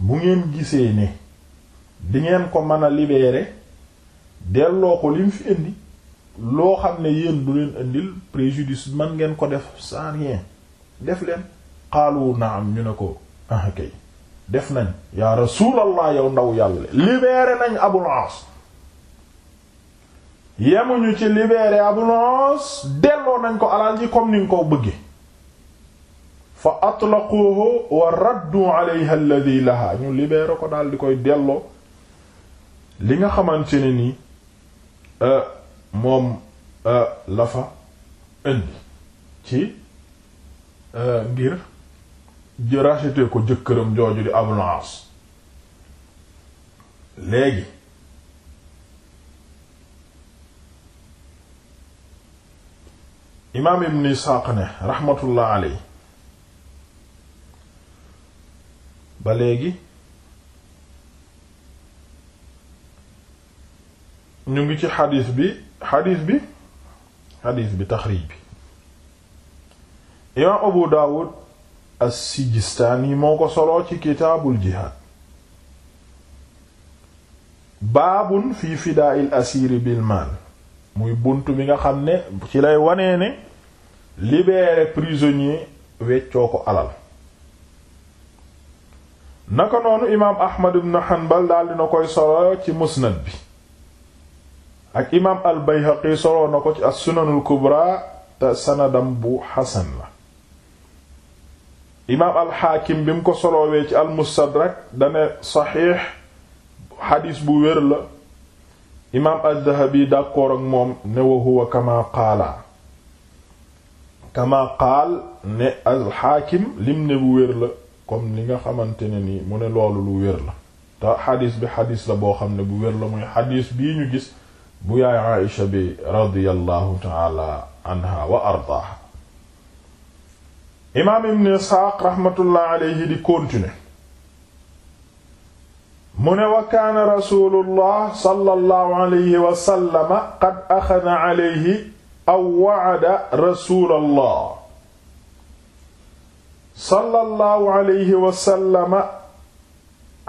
bu ngeen gisee ne dingeen ko mën a libérer delloo ko lim fi indi loo xam ne yéen du leen indil préjudice man ngeen ko def sans def leen xaalu am ñu ne ko ah, def nañ yaa rasulallah yow ndaw yàlla libéré nañ Abul Aas ñu ci libéré Abul Aas delloo nañ ko alal ji comme ni nga ko bëgge fa atlaquhu wa raddu alayha alladhi laha ko daal di koy delloo li nga xamante ne ni euh, moom euh, la indi ci euh, ngir racheter ko jëkkëram jooju di Abul As léegi imaam Ibn Isaaq ne rahmatullah alayhi ba léegi ñu ngi ci xadis bi xadis bi xadis bi taxrij bi imaam abu daawud as-sijistaani moo ko soloo ci kitaabul jihaad baabun fi fidaa'il asiiri bil maal muy bunt bi nga xam ne ci lay wanee ne libérer prisonnier weccoo ko alal naka noonu imaam ahmad ibn hanbal daal dina koy solo ci musnad bi ak imaam al bayhaqi solo na ko ci as sunanul kubra te sanadam bu xasan la imaam al xaakim bi mu ko solowee ci al mustadrak dane saxiix xadiis bu wér la imaam al dhahabi d'accord ak moom ne wa huwa kama qaala kama qaal ne al xaakim lim ne bu wér la comme li nga xamante ne ni mu ne loolu lu wér la te xadis bi xadis la boo xam ne bu wér la muy xadis bii ñu gis bu yaay Aïcha bi radiyallahu taala anha wa ardaaha imaam ibn Isxaaq raxmatullah alayhi di continuer mu ne wa kaana rasulullah sallallahu alayhi wa sallama qad axada alayhi aw wa'ada rasulallah sallallahu alayhi wa sallama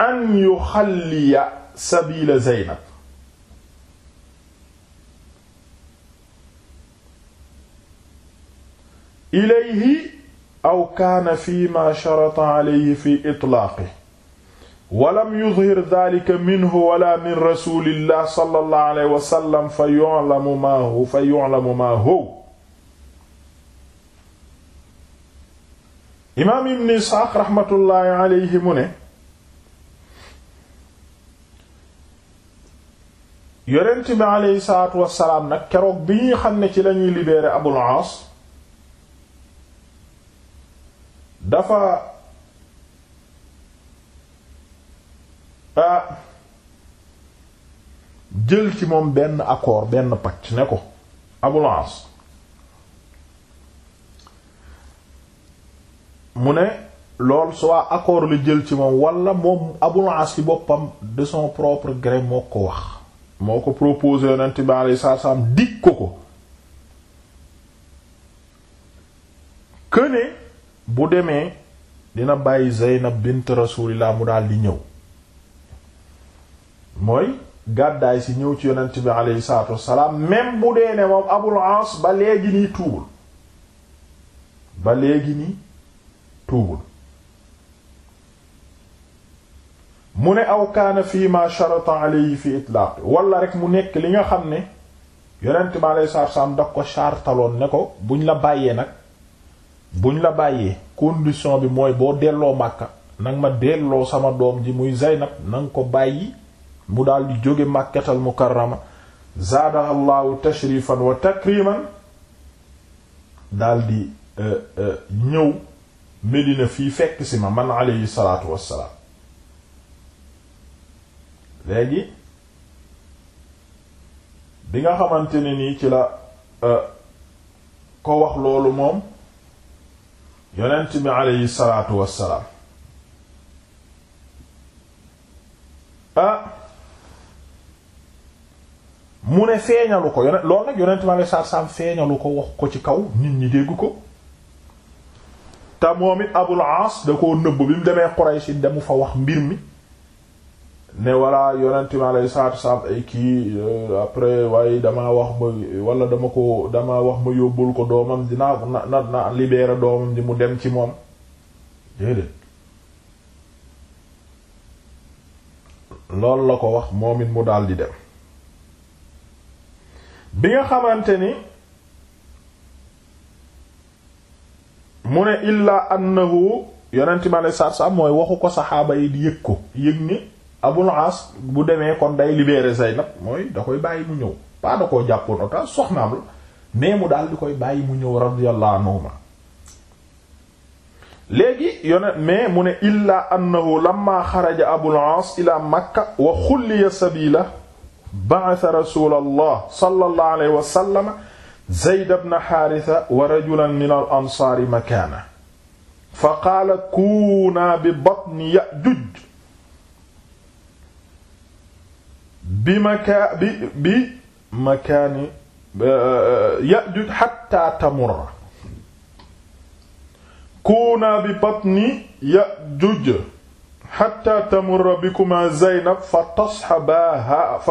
an yuxalliya sabila Zeynab ilayhi aw kaana fi ma sharata alayhi fi itlaaqi walam yudhir dhalika minhu wala min rasulillah sallallahu alayhi wa sallam fa yu'lamu ma hu fa yu'lamu ma hu imaam ibn isxaaq raxmatullaahi alayhi mu ne yonent bi aleyhi salaatu wassalaam nag keroog bi ñuy xam ne ci lañuy libéré abul aas dafa ah jël ci moom benn accord benn pacc ne ko abul aas mu ne lool soit accord la jël ci moom wala moom Abul As ci boppam de son propre gré moo ko wax moo ko proposé yonent bi alayhi salaatu salaam dig ko ko këne bu demee dina bàyyi Zeynab bint Rasulillah mu daal di ñëw mooy gàddaay si ñëw ci yonent bi alayhi salaatu wassalaam même bu dee ne moom Abul As ba léegi nii tuubul ba léegi nii tuubul mu ne aw kaana fii ma sharata alayhi fi itlaaq wala rek mu nekk li nga xam ne yonent ma lay saar saam daf ko chartaloon ne ko buñ la bàyyee nag buñ la bàyyee condition bi mooy boo delloo Makka nag ma delloo sama doom ji muy Zaynab nanga ko bàyyi mu daal di jóge Makkatal Mukarrama zaadaha tashrifan wa takriman daal di euh, euh, ñëw Medina fii fekk si ma man alayhi salaatu wassalaam léegi bi nga xamante ne nii ci la euh, ko wax loolu moom yonent bi alayhi salaatu wassalaam ah mu ne feeñalu ko yonent lool nag yonent bi alayhi salaatu wassalaam feeñalu ko wax ko ci kaw nit ñi dégg ko te moom it Abul Aas da koo nëbb bi mu demee Quraysh demu fa wax mbir mi ne walla yonent mi alayhi salaatu ay kii euh, après waaye damaa wax ma wala dama ko dama wax ma yóbbul ko doomam dina ko na na na doomam di mu dem ci moom déedéet loolu la ko wax moom it mu dal di dem bi nga xamante ni mu ne illaa annahu yonent mi alei satu salaam mooy waxu ko saxaaba yi di yëg ko yëg ni abul as bu demee kon day libérer Zaynab mooy da koy bàyyi mu ñëw pas da koo jàppoon ota soxnaam la mais mu daal di koy bàyyi mu ñëw radiyallahu anhuma léegi mais mu ne illaa annahu lamma xaraja abul as ila makka wa xulliya sabila ba'atha rasul allah sallallahu alayhi wa sallam Zayd ibn Haarisa wa rajulan min al ansaari makaana fa qaala kuunaa bi batni Ya'juuj bi makaa bi bi makaani eh, Ya'juuj hattaa tamurra kuunaa bi batni Ya'juuj hattaa tamurra bikumaa Zaynab fa tasbaha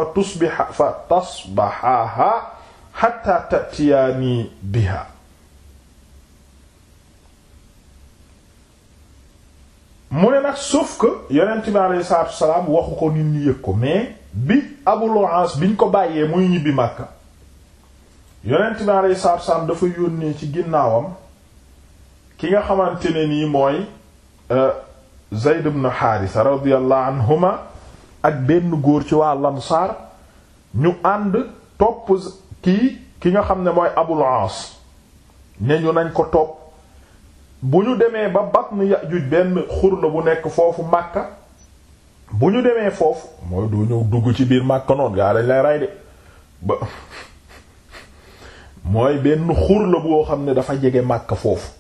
fa tasbaha xatta tatiyaani biha mu ne nag sauf que yonent bi aleyhi salaatu waxu ko nit ñi yëg ko mais bi Abul Aas biñ ko bàyyee muy ñibbi Makka yonent bi aleyhi salaatu dafa yónnee ci ginnaawam ki nga xamante ne nii mooy euh, Zayd ibn Haarisa radiyallahu anhuma ak benn góor ci waa Ansaar ñu ànd topp kii ki nga xam ne mooy Abul Aas ne ñu nañ ko topp bu ñu demee ba Batn Yajuj benn xur la bu nekk foofu Makka bu ñu demee foofu mooy doo ñëw dugg ci biir Makka noonu gaa dañ lay rey de ba mooy benn xur la boo xam ne dafa jege Makka foofu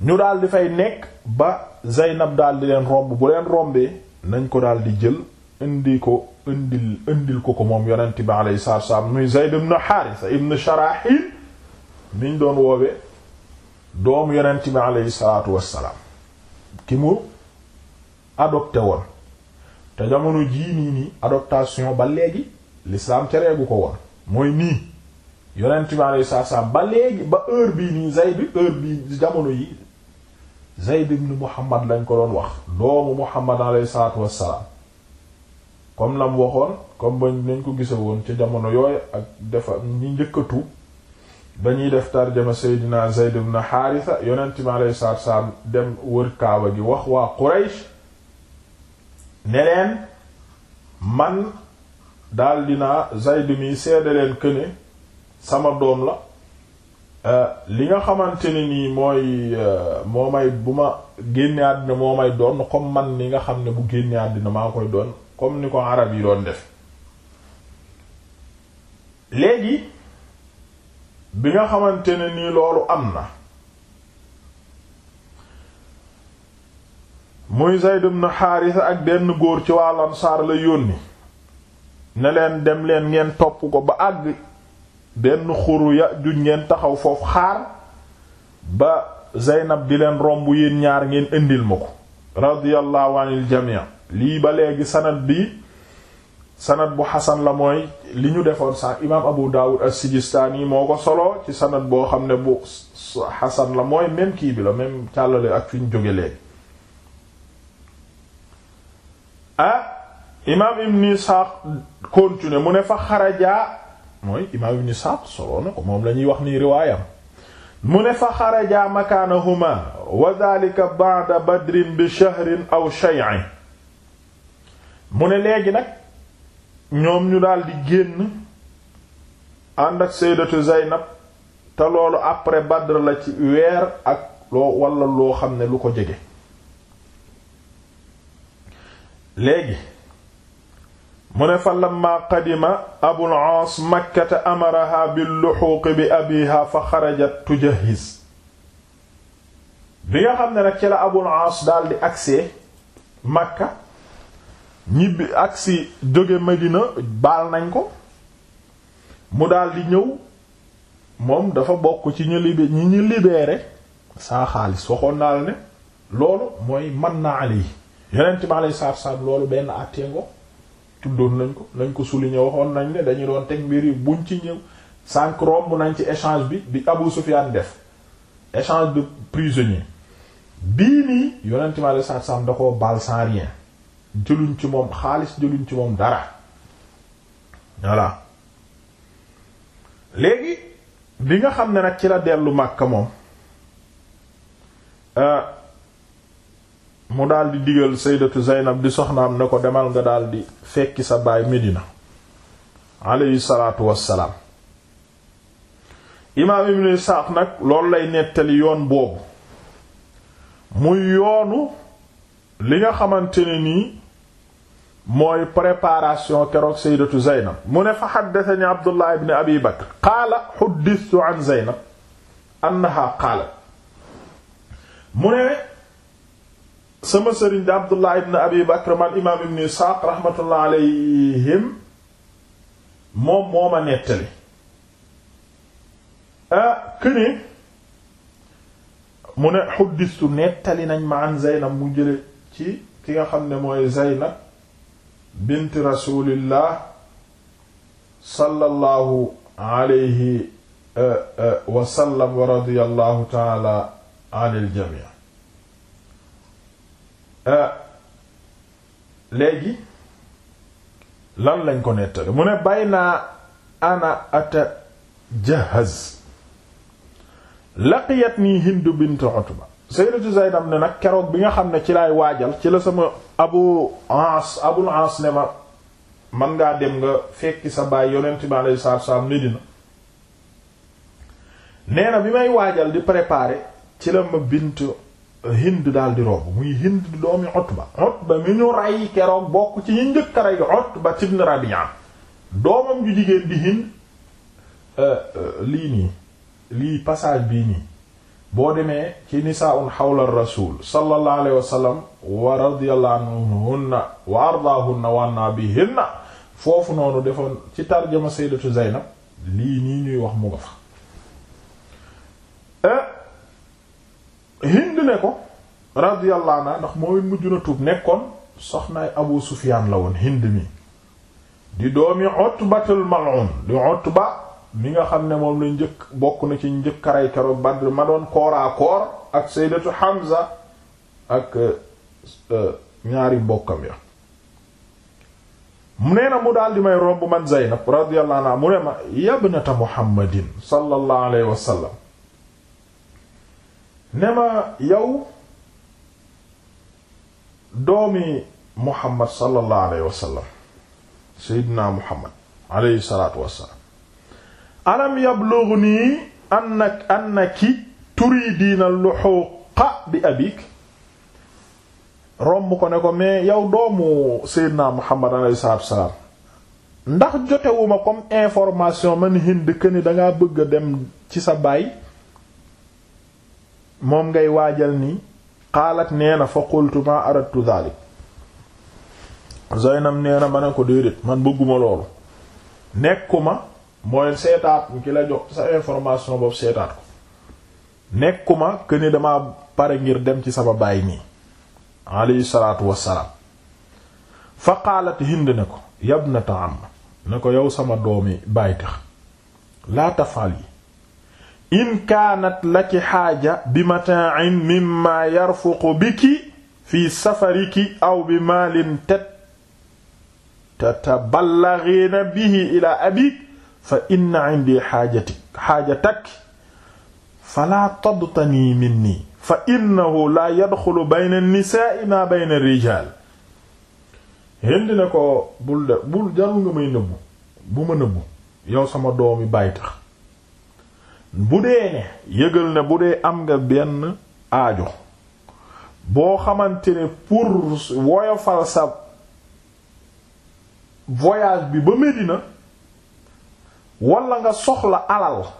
ñu daal di fay nekk ba Zeynab daal di leen romb bu leen rombee nañ ko daal di jël indi ko indil indil ko ko moom yonent bi alayhi salaatu wassalaam muy Zayd ibn Haarisa ibn Sharahin niñ doon woowe doomu yonent bi alayhi salaatu wassalaam ki mu adopté woon te jamono jii nii nii adoptation ba léegi l'islam tereegu ko woon mooy nii yonent bi alayhi salaatu wassalaam ba léegi ba heure bii nii Zayd heure bii jamono yi Zayd ibn Muhammad lañ ko doon wax doomu Muhammad alayhi salaatu wassalaam comme lam waxoon comme bañ nañ ko gisa woon ca jamono yooyu ak defa ñi njëkkatu ba ñuy def tarjama Seydina Zayd ibn Haarisa yonent mi alayhi salaatu salaam dem wër kaawa gi wax waa Quraysh ne leen man daal dinaa Zayd mi seede leen këne sama doom la euh, li nga xamante ni nii mooy euh, moo may bu ma génne àddina moo may doon comme man ni nga xam ne bu génne àddina maa koy doon comme ni ko arab yi doon def léegi bi nga xamante ne nii loolu am na muy Zayd ibn Haarisa ak benn góor ci waa Ansaar la yónni ne leen dem leen ngeen topp ko ba àgg benn xur ya juñ ngeen taxaw foofu xaar ba Zeynab bi leen romb yéen ñaar ngeen indil ma ko radiyallahu anil jamii lii ba léegi sanad bi sanad bu xasan la mooy li ñu defoon sax imaam Abu Dawud as-Sijistaani moo ko solo ci sanad boo xam ne bu xasan la mooy même kii bi la même càllale ak fi ñu jóge léegi ah imaam Ibn Ishaq continue mu ne fa xarajaa mooy imaam Ibn Ishaq solo na ko moom la ñuy wax nii riwaayam mu ne fa xarajaa makaanahuma wa dhalika ba'da badrin bi shahrin aw shay'in mu ne léegi nag ñoom ñu daldi génn ànd ak sayyidatu Zaynab te loolu après Badr la ci weer ak loo walla loo xam ne lu ko jege léegi mu ne fa lamma qadima Abul Aas makkata amaraha bil luhuuq bi abiha fa xarajat tujahhiz bi nga xam ne nag ci la Abul Aas daldi agsee Makka ñibbi ak si jóge Medina baal nañ ko mu daldi ñëw moom dafa bokk ci ñu libé ñi ñu libéré sans xaalis waxoon naa la ne loolu mooy man naa ali yeneen ma lay saab-saab loolu benn àttengo tuddoon nañ ko lañ ko souligner waxoon nañ ne dañu doon teg mbir yi buñ ci ñëw sànq romb nañ ci échange bi bi Abu Sufyan def échange de prisonnier bii nii yonent ma lay saab-saab da koo baal sans rien jëluñ ci moom xaalis jëluñ ci moom dara voilà léegi bi nga xam ne nag ci la dellu Makka moom euh, mu daal di digal sayyidatu Zaynab di soxnaam ne ko demal nga daal di fekki sa baay Medina alayhi salaatu wassalaam imaam Ibn Isaaq nag loolu lay nettali yoon boobu muy yoonu li nga xamante ne nii mooy préparation keroog sayyidatu Zaynab mu ne fa haddathani Abdullah ibn Abi Bakr qaala huddithtu an Zaynab annaha qaalat mu ne sama sëriñ di Abdullah ibn Abi Bakr man imaam ibn Isaaq rahmatullah alayhim moom moo ma nettali ah mu ne huddithtu nettali nañ ma an Zaynab mu jële ci ki nga xam ne mooy Zaynab bint rasulillah sallallahu alayhi eh, eh, wa sallam wa radiyallahu taala anil jamii eh, léegi lan lañ ko nettali mu ne baynaa ana atajahaz laqiyat nii hindu bint utba Sayyidatu Zaynab ne nag keroog bi nga xam ne ci laay waajal ci la sama abu ans abul ans ne ma man ngaa dem nga fekki sa baay yonent bi alayhi salaatu salaam Medina nee na bi may waajal di préparer ci la ma bint Hind daal di romb muy Hind doomi Utba Utba mi ñu rey keroog bokk ci ñi njëkk a rey Utba ibn Rabi'a doomam ju jigéen di Hind euh, euh, lii nii lii passage bii nii boo demee ci nisaa'un xawla rasul sallallahu alayhi wa sallam wa radiyallahu wa ardaahunna foofu noonu defoon ci tarjama sayyidatu Zaynab lii nii ñuy wax mu nga fa eh, Hind ne ko radiyallahu anha ndax mooy mujj na tuub nekkoon soxnaay Abu Sufyaan la woon Hind mi di doomi Utbatul mal'un di Utba mi nga xam ne moom la njëkk bokk na ci njëkkaray keroog Badr ma doon kooraa koor ak sayyidatu Hamza ak euh, euh, ñaari mbokkam ya mu nee na mu daal di may romb man Zaynab radiyallahu anha mu ne ma yabnata Muhammadin yow doomi Muhammad sallallahu alayhi wasallam sayyidina Muhammad alayhi salatu wassalam alam yablughni annak annaki turidiina luhuqa bi abik romb ko ne ko mais yow doomu Seydina Muhammad alayhi salaatu wassalaam ndax jotewuma comme information man Hind këni dangaa bëgg a dem ci sa baay moom ngay waajal ni xaalat nee na fa qultu ma aradtu dhalik Zaynab nee na ma ne ko déedéet man bëgguma loolu nekkuma mooy seetaat ki la jox sa information boobu seetaat ko nekkuma que ni dama pare ngir dem ci sama baay nii alayhi salaatu wassalaam fa qaalat hind ne ko yabnata am ne ko yow sama doomi baay tax laa tafal yi in kaanat laki xaaja bi mata'in mimma yarfuqu biki fi safariki aw bi maalin tat tataballaghina bihi ila abik fa inna indi xaajatik xaajatak fala tadtani minni fa innahu la yadxulu bayna nisaai ma bayna rijal Hind ne ko bul de bul jarul nga may nëbbu bu ma nëbbu yow sama doomi bàyyi tax bu dee ne yëgal ne bu dee am nga benn aajo boo xamante ne pour woyofal sa voyage bi ba Medina wala nga soxla alal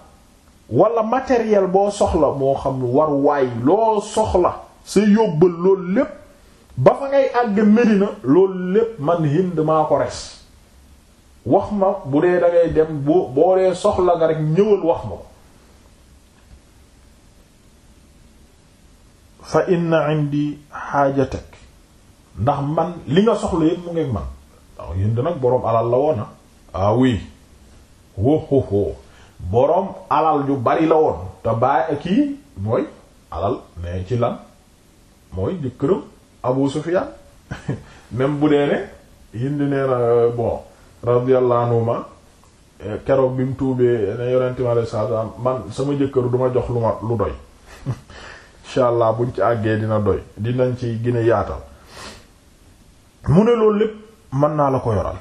walla matériel boo soxla moo xam war waay loo soxla sa yóbbal loolu lépp ba fa ngay àgg Medina loolu lépp man Hind maa ko res wax ma bu dee da dem boo boo dee soxla nga rek ñëwal wax ma ko fa inna indi xaajatak ndax man li nga soxla yépp mu ngi man Hind nag boroom alal la woona ah, ah wóoxooxoo boroom alal ju bari la woon te ak kii mooy alal ne ci lan mooy jëkkëram Abu Sufyan même bu dee ne yindi nee na bon radiyallahu eh, keroog bi mu tuubee ne yonenti ma saa man sama jëkkër duma jox lu ma lu doy insha allah buñ ci àggee dina doy dinañ ci gën a yaatal mu ne loolu lépp mën naa la ko yoral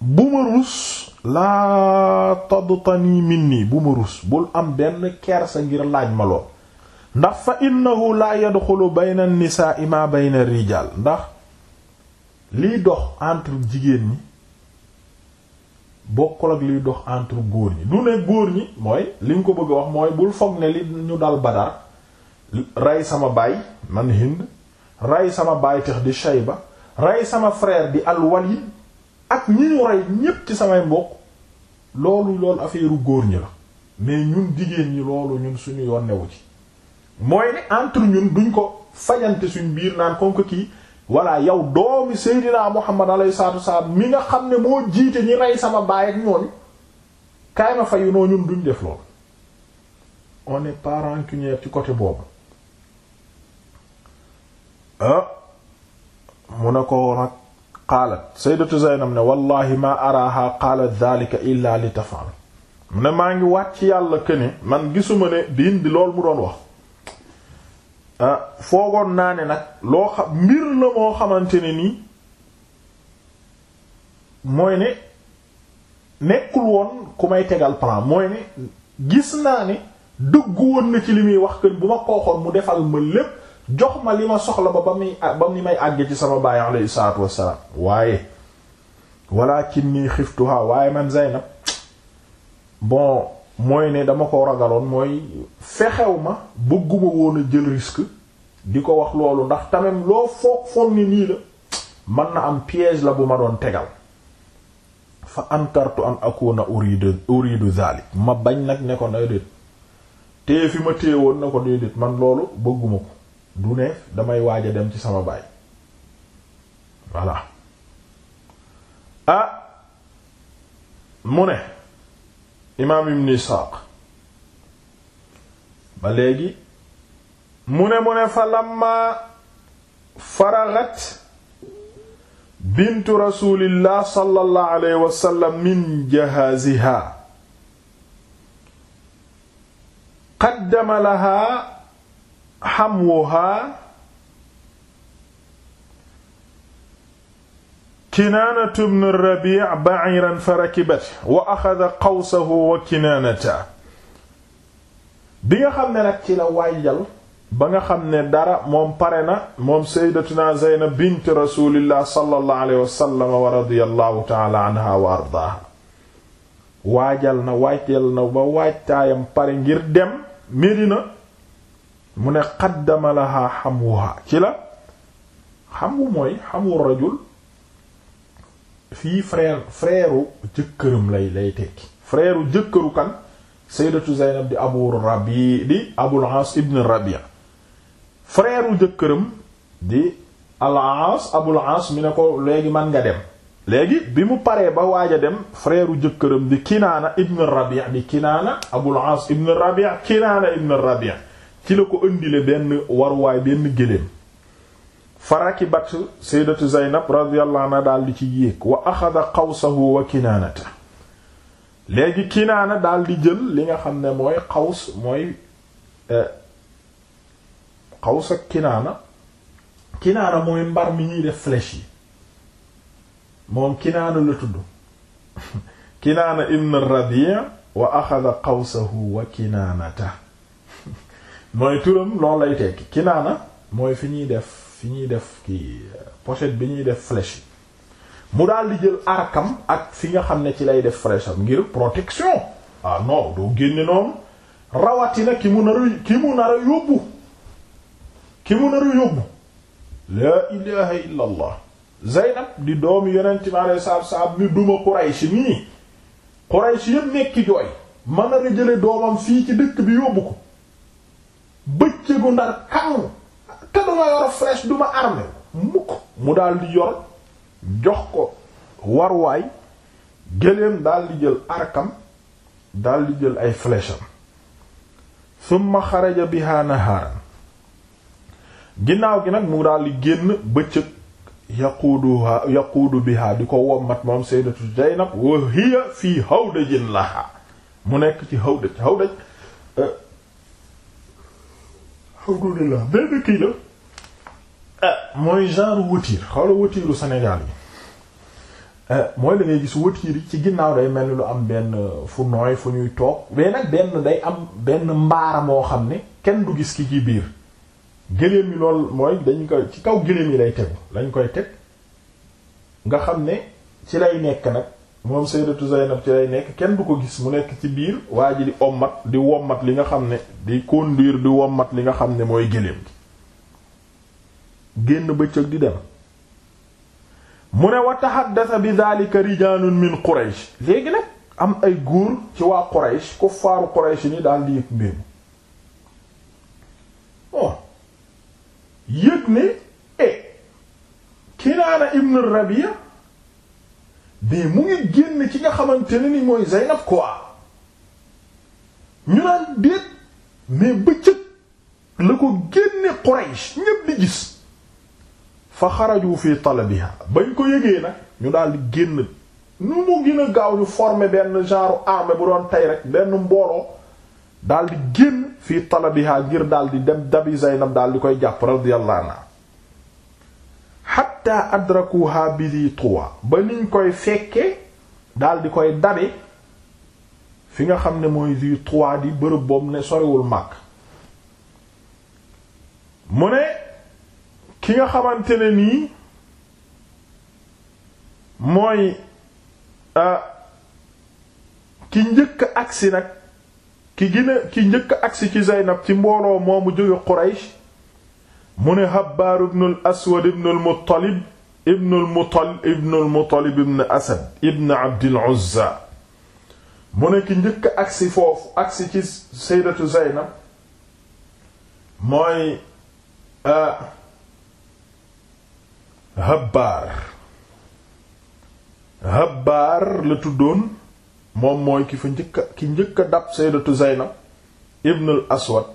bu ma rus laa tadtani minni bu ma rus bul am benn kersa ngir laaj ma lool ndax fa innahu laa yadxulu bayna an-nisaa ma bayna ar-rijaal ndax liy dox entre jigéen ñi bokkul ak liy dox entre góor ñi du ne góor ñi mooy li nga ko bëgg wax mooy bul foog ne li ñu dal Badar rey sama baay man Hind rey sama baay tax di ba rey sama frère di al-Walid ak ñi ñu rey ñépp ci samay mbokk loolu loolu affaire góor ñi la mais ñun jigéen ñi loolu ñun suñu yoon newu ci mooy ne entre ñun duñ ko fajante suñ biir naan comme que kii voilà yow doomi Seydina Muhammad alayhi salaatu wasallam mi nga xam ne moo jiite ñi rey sama baay ak ñoom kaay ma fayu noo ñun duñ def loolu on est pas rancunier ci côté boobu ah mu ne ko nag qaalat sayyidatu Zaynab ne wallahi ma araaha qaalat dhalika illa li tafal mu ne maa ngi wàcc yàlla këne man gisuma ne diin lool mu doon wax ah, foogoon naa ne nag loo xam mbir la moo xamante ne nii mooy ne nekkul woon ku may tegal plan mooy ne gis naa ne dëggu woon na ci li muy wax kën bu ma kooxoon mu defal ma lépp jox ma li ma soxla ba ba muy ba mu may àgg ci sama baay alayhi salaatu wassalaam waaye walakin nii xiftuha waaye man Zaynab bon mooy ne dama ko ragaloon mooy fexew ma bëgguma woon a jël risque di ko wax loolu ndax tamit loo foog foog ni nii la mën na am piège la bu ma doon tegal fa ankartu an akuna uridu uridu zalik ma bañ nag ne ko déedéet te fi ma téye woon ne ko déedéet man loolu bëgguma ko du ne damay waaj a dem ci sama baay voilà a ah, mu ne imaam ibn Isaaq ba léegi mu ne mu ne fa lamma faragat bintu rasulillah sallallahu alayhi min jahaziha qaddama laha xamwuhaa kinaanatu bnu rabiic baciiran fa rakibat wa axada qawsahu wa kinaanata bi nga xam ne nag ci la waajal ba nga xam ne dara moom pare na moom sayyidatuna zeynab bint rasulillah sallallahu alayhi wasallam wa radiyallahu taala anha wa ardaaha waajal na waajal na ba waajtaayam pare ngir dem Medina mu ne qaddama laha xamuha ci la xamu mooy xamu rajul fii frère frère jëkkëram lay lay tekki frère jëkkëru kan sayyidatu Zaynab di Abu Rabi di Abul Aas ibn Rabi'a frère jëkkëram di Al Aas Abul Aas mi ne ko léegi man nga dem léegi bi mu paree ba waaj a dem frère jëkkëram di Kinaana ibn Rabi' di Kinaana Abul Aas ibn Rabi' Kinaana ibn Rabi' ci la ko ëndile benn waruwaay benn géléem faraki bat sayyidatu Zaynab radiyallahu anha daldi ci yéeg wa axada xawsahu wa kinaanata léegi kinaana di jël li nga xam ne mooy xaws mooy xaws eh, ak kinaana kinaana mooy mbar mi ñuy def flèche yi moom kinaana la tudd kinaana ibn Rabi' wa axada xawsahu wa kinaanata mooy turam loolu lay tekki naana mooy fi ñuy def fi ñuy def ki pochette bi ñuy def flèche mu daal di jël arkam ak fi nga xam ne ci lay def flèche am ngir protection ah non doo génne noonu rawatina ki mu nar a ki mu nar a yóbbu ki mu nar a yóbbu laa ilaha illa Zaynab di doomu yonente mi alei saatu salaam ni duma Quraysh nii Quraysh yépp nekki jooy mën a jële doomam fii ci dëkk bi yóbbu ko bëccëgu ndar kan te du ma yor flèche du ma armé mu daal yor jox ko warwaay gëléem daldi jël arkam daldi jël ay flèche am summa xaraja biha nahaaran ginnaaw gi nag mu daldi di génn bëccëg yaquuduha yaquudu biha di ko wommat moom sayyidatu Zaynab wa hiya fii hawdajin laha mu nekk ci hawdaj hawdaj alhamdulillah benn kii la ah. mooy genre wëtiir xawla wëtiiru Sénégal yi ah, mooy da ngay gis wëtiir yi ci ginnaaw day mel ni lu am benn euh, fu nooy fu ñuy toog mais nag benn day am benn mbaara moo xam ne kenn du gis ki ci biir gëléem yi lool mooy dañ ko ci kaw gëléem yi lay tegu lañ koy teg nga xam ne ci lay nekk nag moom sayyidatu Zaynab ci lay nekk kenn du ko gis mu nekk ci biir waa ji di ommat di wommat li nga xam ne di conduire di womat li nga xam ne mooy géléem gi génn bëccëg di dem mu ne wa taxaddasa bi daalika rijalun min Quraysh léegi nag am ay góor ci waa Quraysh kuffaaru Quraysh ni daal di yëg mbir oh yëg ne e Kinaana ibn Rabi'a mais mu ngi génn ci nga xamante ne ni mooy Zaynab quoi ñu naan déet mais bëccëg la ko génne Quraysh ñépp di gis fa xaraju fi talabiha bañ ko yëgee nag ñu daal génn nu mu gën gaaw ñu former benn genre armée bu doon tey rek benn mbooloo daal di génn fii talabiha ngir daal di dem dabi Zaynab daal di koy jàpp radiyallahu xatta adrakuha bidi tuwa ba niñ koy fekke dal di koy dabe fi nga xam ne mooy di tuwa di bërëb boobu ne soriwul màkk mu ne ki nga xamante ne nii mooy ki njëkk agsi nag ki gën ki njëkk agsi ci Zeynab ci mbooloo moomu jóge Quraysh mu ne Habbaar ibnul Aswad ibnul Muttalib ibnul Muttalib ibnul Muttalib ibn Asad ibn Abdil Uzza mu ne ki njëkk agsi foofu agsi ci Sayyidatu Zaynab mooy Habbaar Habbaar la tuddoon moom mooy ki fa njëkk ki njëkk a dab Sayyidatu Zaynab ibnul Aswad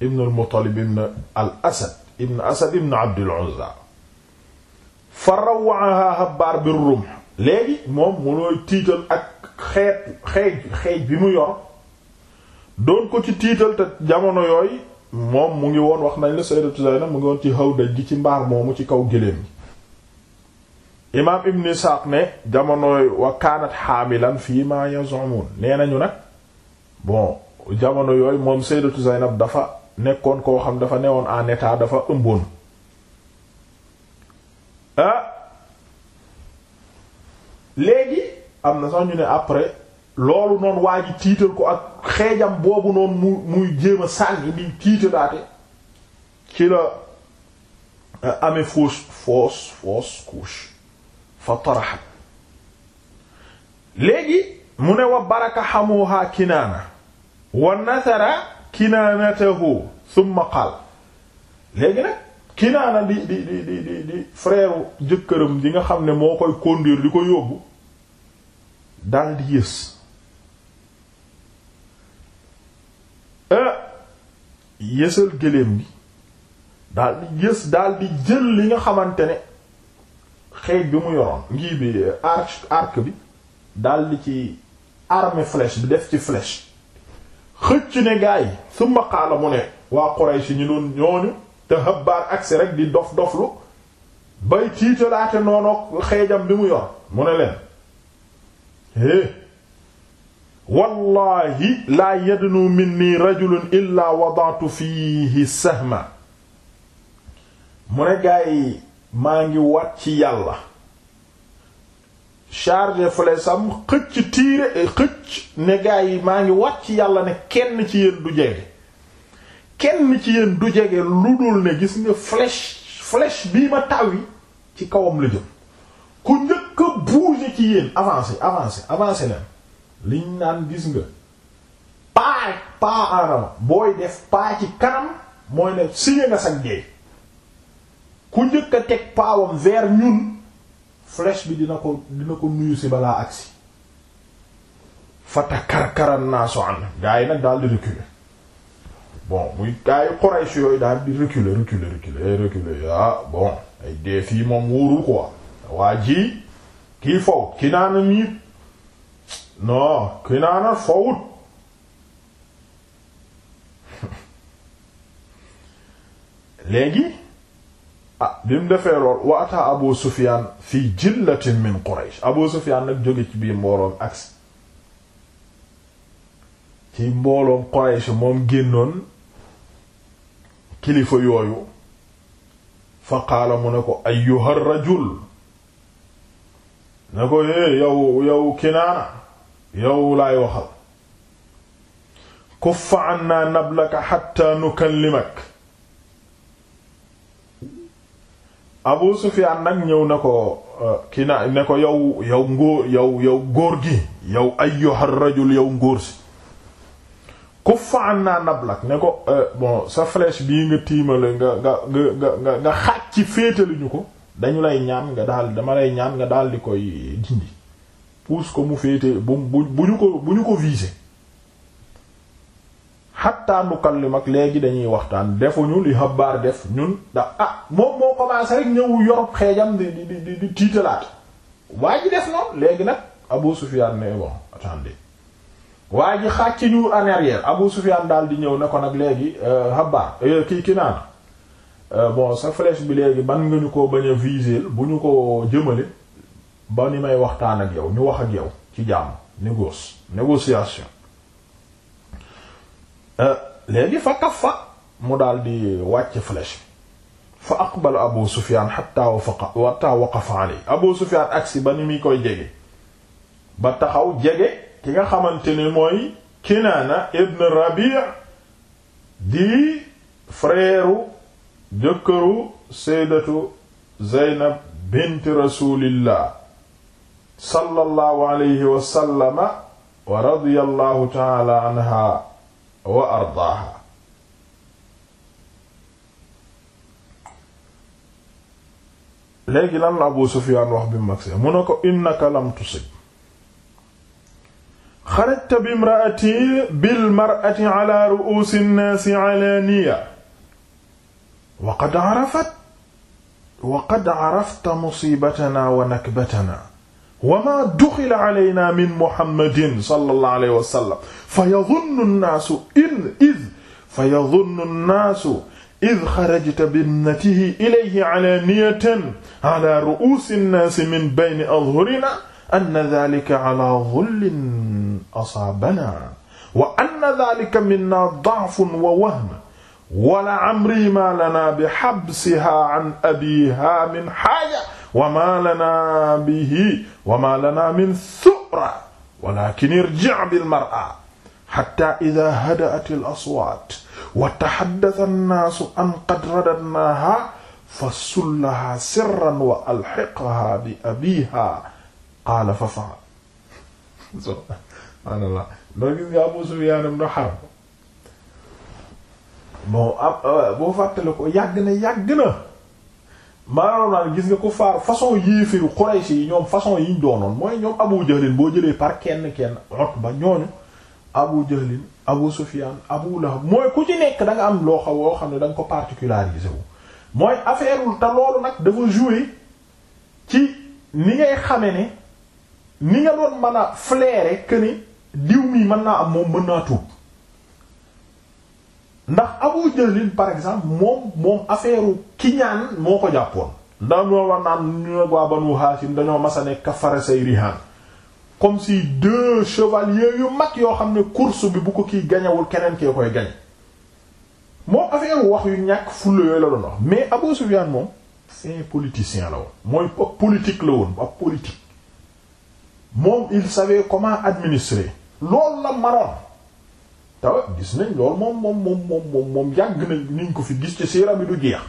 ibnul Muttalib ibn al Asad ibn asad ibn abdul uzza fa rawaaha habbaar bir rumh léegi moom mu nooy tiital ak xeet xeej xeej bi mu yor doon ko ci tiital te jamono yooy moom mu ngi woon wax nañ la sayyidatu zaynab mu ngi woon ci hawdaj gi ci mbaar moomu ci kaw géléem gi imaam ibn isaaq ne jamonoy wa kaanat xaamilan fii ma yazumun nee nañu nag bon jamono yooyu moom sayyidatu zaynab dafa nekkoon koo xam dafa newoon en état dafa ëmboon ah léegi am na sax ñu ne après loolu noonu waa tiital ko ak xeejam boobu noonu mu muy jéem a sànni di tiitalaate ci la eh, ame fausse fausse fausse couche fa taraxat léegi mu ne wa baraka xamuha kinaana wa nasara kinaanatahu thumma qaal léegi nag kinaana di di di di di jëkkëram di nga xam ne moo koy conduire di ko yóbbu dal di yës euh, yësal gëléem gi daal di yës daal di jël li nga xamante ne xeej bi mu yoroon ngii bi euh, arc bi daal di ci arme flèche bi def ci flèche xëcc ne gaay summa qaala mu ne waa Quraysh ñu doon ñooñu te Habbaar agsi rek di dof doflu bay tiitalaate noonoog xeejam bi mu yor mu ne leen é eh, wallahi laa yadnu minni rajulun illa wada'tu fihi sahma mu ne gaay maa ngi wat ci yàlla chargé flesam xëcc tiire eh, xëcc ne gaa yi maa ngi wàcc yàlla ne kenn ci yéen du jege kenn ci yéen du jege lu dul ne gis nga flèche flèche bii ma taw ci kawam la jëm ku njëkk a bouger ci yéen avancé avancé avancé leen liñ naan gis nga paa paa arama booy def paa ci kanam mooy ne signé nga sag dee ku njëkk a teg paawam vers ñun flèche bi dina ko dina ko nuyu si balaa agsi fata karkaran naasu an gaa yi nag daal di reculer bon muy gaa yi Quraysh yooyu daal di reculer reculer reculer ah bon ay dee fii moom wóorul quoi waa ji kii fawut ki naana miit non ki naana fawut léegi ah bi mu defee lool wa ata abu sufyan fi jillatin min quraysh abu sufyan nag jóge ci biir mbooloom agsi ci mbooloom quraysh moom génnoon kilifa yooyu fa qaala mu ne ko ayyuha rajul ne ko é yow yow kinaana yow laay waxal kuffa anna nablaka hatta nukallimak Abu Sufyaan nag ñëw na ko euh, kii na ne ko yow yow ngóor yow yow góor gi yow ayyuha rajul yow ngóor si kuffa nab nablak ne ko euh, bon sa flèche bii nga tiimale nga nga nga nga nga xaaj ci féetaluñu ko dañu lay ñaan nga daal dama lay ñaan nga daal di koy dindi puus ko mu féete bu bu bu ñu ko bu ñu ko viser xatta li mag léegi dañuy waxtaan defuñu li xabaar def ñun ndax ah moom moo commencé rek ñëw yorop xeejam di di di di tiitalaat waa ji def noonu léegi nag Abu Sufyan ne bon attendez waa ji xàcc ñu en Abu Sufyan daal di ñëw ne ko nag léegi xabaar euh, euh, kii ki naan euh, bon sa flèche bi léegi ban nga ñu ko bañ a viser bu ñu ko jëmale ba ni may waxtaan ak yow ñu wax ak yow ci jàmm négoce négociation Euh, léegi fa kaffa mu daal di wàcc flèche fa aqbala Abu Sufyan hatta ba ni muy koy jege ba taxaw jege ki nga xamante ne mooy Kinaana ibn Rabi' di frère jëkkëru saydatu Zeynab bint rasulillah sallallahu alayhi wa sallama wa ta'ala anha wa ardaaha léegi lan la Abu Sufyaan wax bi mu magsee mu ne ko innaka lam tusib xarajta bi imraati bil mar'ati ala ru'uusi nnaasi alaaniya wa qad arafat wa qad arafta musiibatanaa wa nakbatanaa wa maa duxila alaynaa min muhammadin sallallahu alayhi wa sallam fa yadunnu nnaasu in id fa yadunnu nnaasu id xarajta bibnatihi ilayhi alaaniyatan ala ru'uusi nnaasi min bayni azhurinaa anna zaalika ala zullin asaabanaa wa anna zaalika minnaa da'fun wa wahm wa la'amrii maa lanaa bihabsihaa an abiihaa min haaja wa ma lana bihi wa ma lana min su'ra walakin irji' bil mar'a hatta idha hada'at al aswat wa tahaddatha an-nasu an qad radadnaha fasulha sirran wa alhiqha bi abiha qaala fa fa'al subhaanallah noo gis nga Abu Sufyaan ibn Harb bon euh, boo fàttale ko yàgg na yàgg na maanaam daal gis nga ko faar façon yéeféru Quraysh yi ñoom façon yiñ doonoon mooy ñoom Abu Jahlin boo jëlee par kenn kenn ba ñooñu Abu Jahlin Abu Sufyan Abu Lahab mooy ku ci nekk da am loo xam woo xam ne da nga ko particularisé wu mooy affaire te loolu nag dafa jouer ci ni ngay xame ne ni nga doon mën a flairer que ni diw mi mën naa am moom mën naa tuub ndax Abu Jahl par exemple moom moom affaire kiñaan moo ko jàppoon ndax ñoo war naan ñu nag waa Banu dañoo mas a nekk rihaan comme si deux chevaliers yu mag yoo xam ne course bi bu ko kiy gañawul keneen kee koy gañ moom affaire wax yu ñàkk fulla yooyu la doon wax mais Abu Sufyan moom c'est politicien la woon mooy politique la woon ab politique moom il savait comment administrer loolu la maroon tawa gis nañ loolu moom moom moom moom moom yàgg nañ ko fi gis ci siira bi du jeex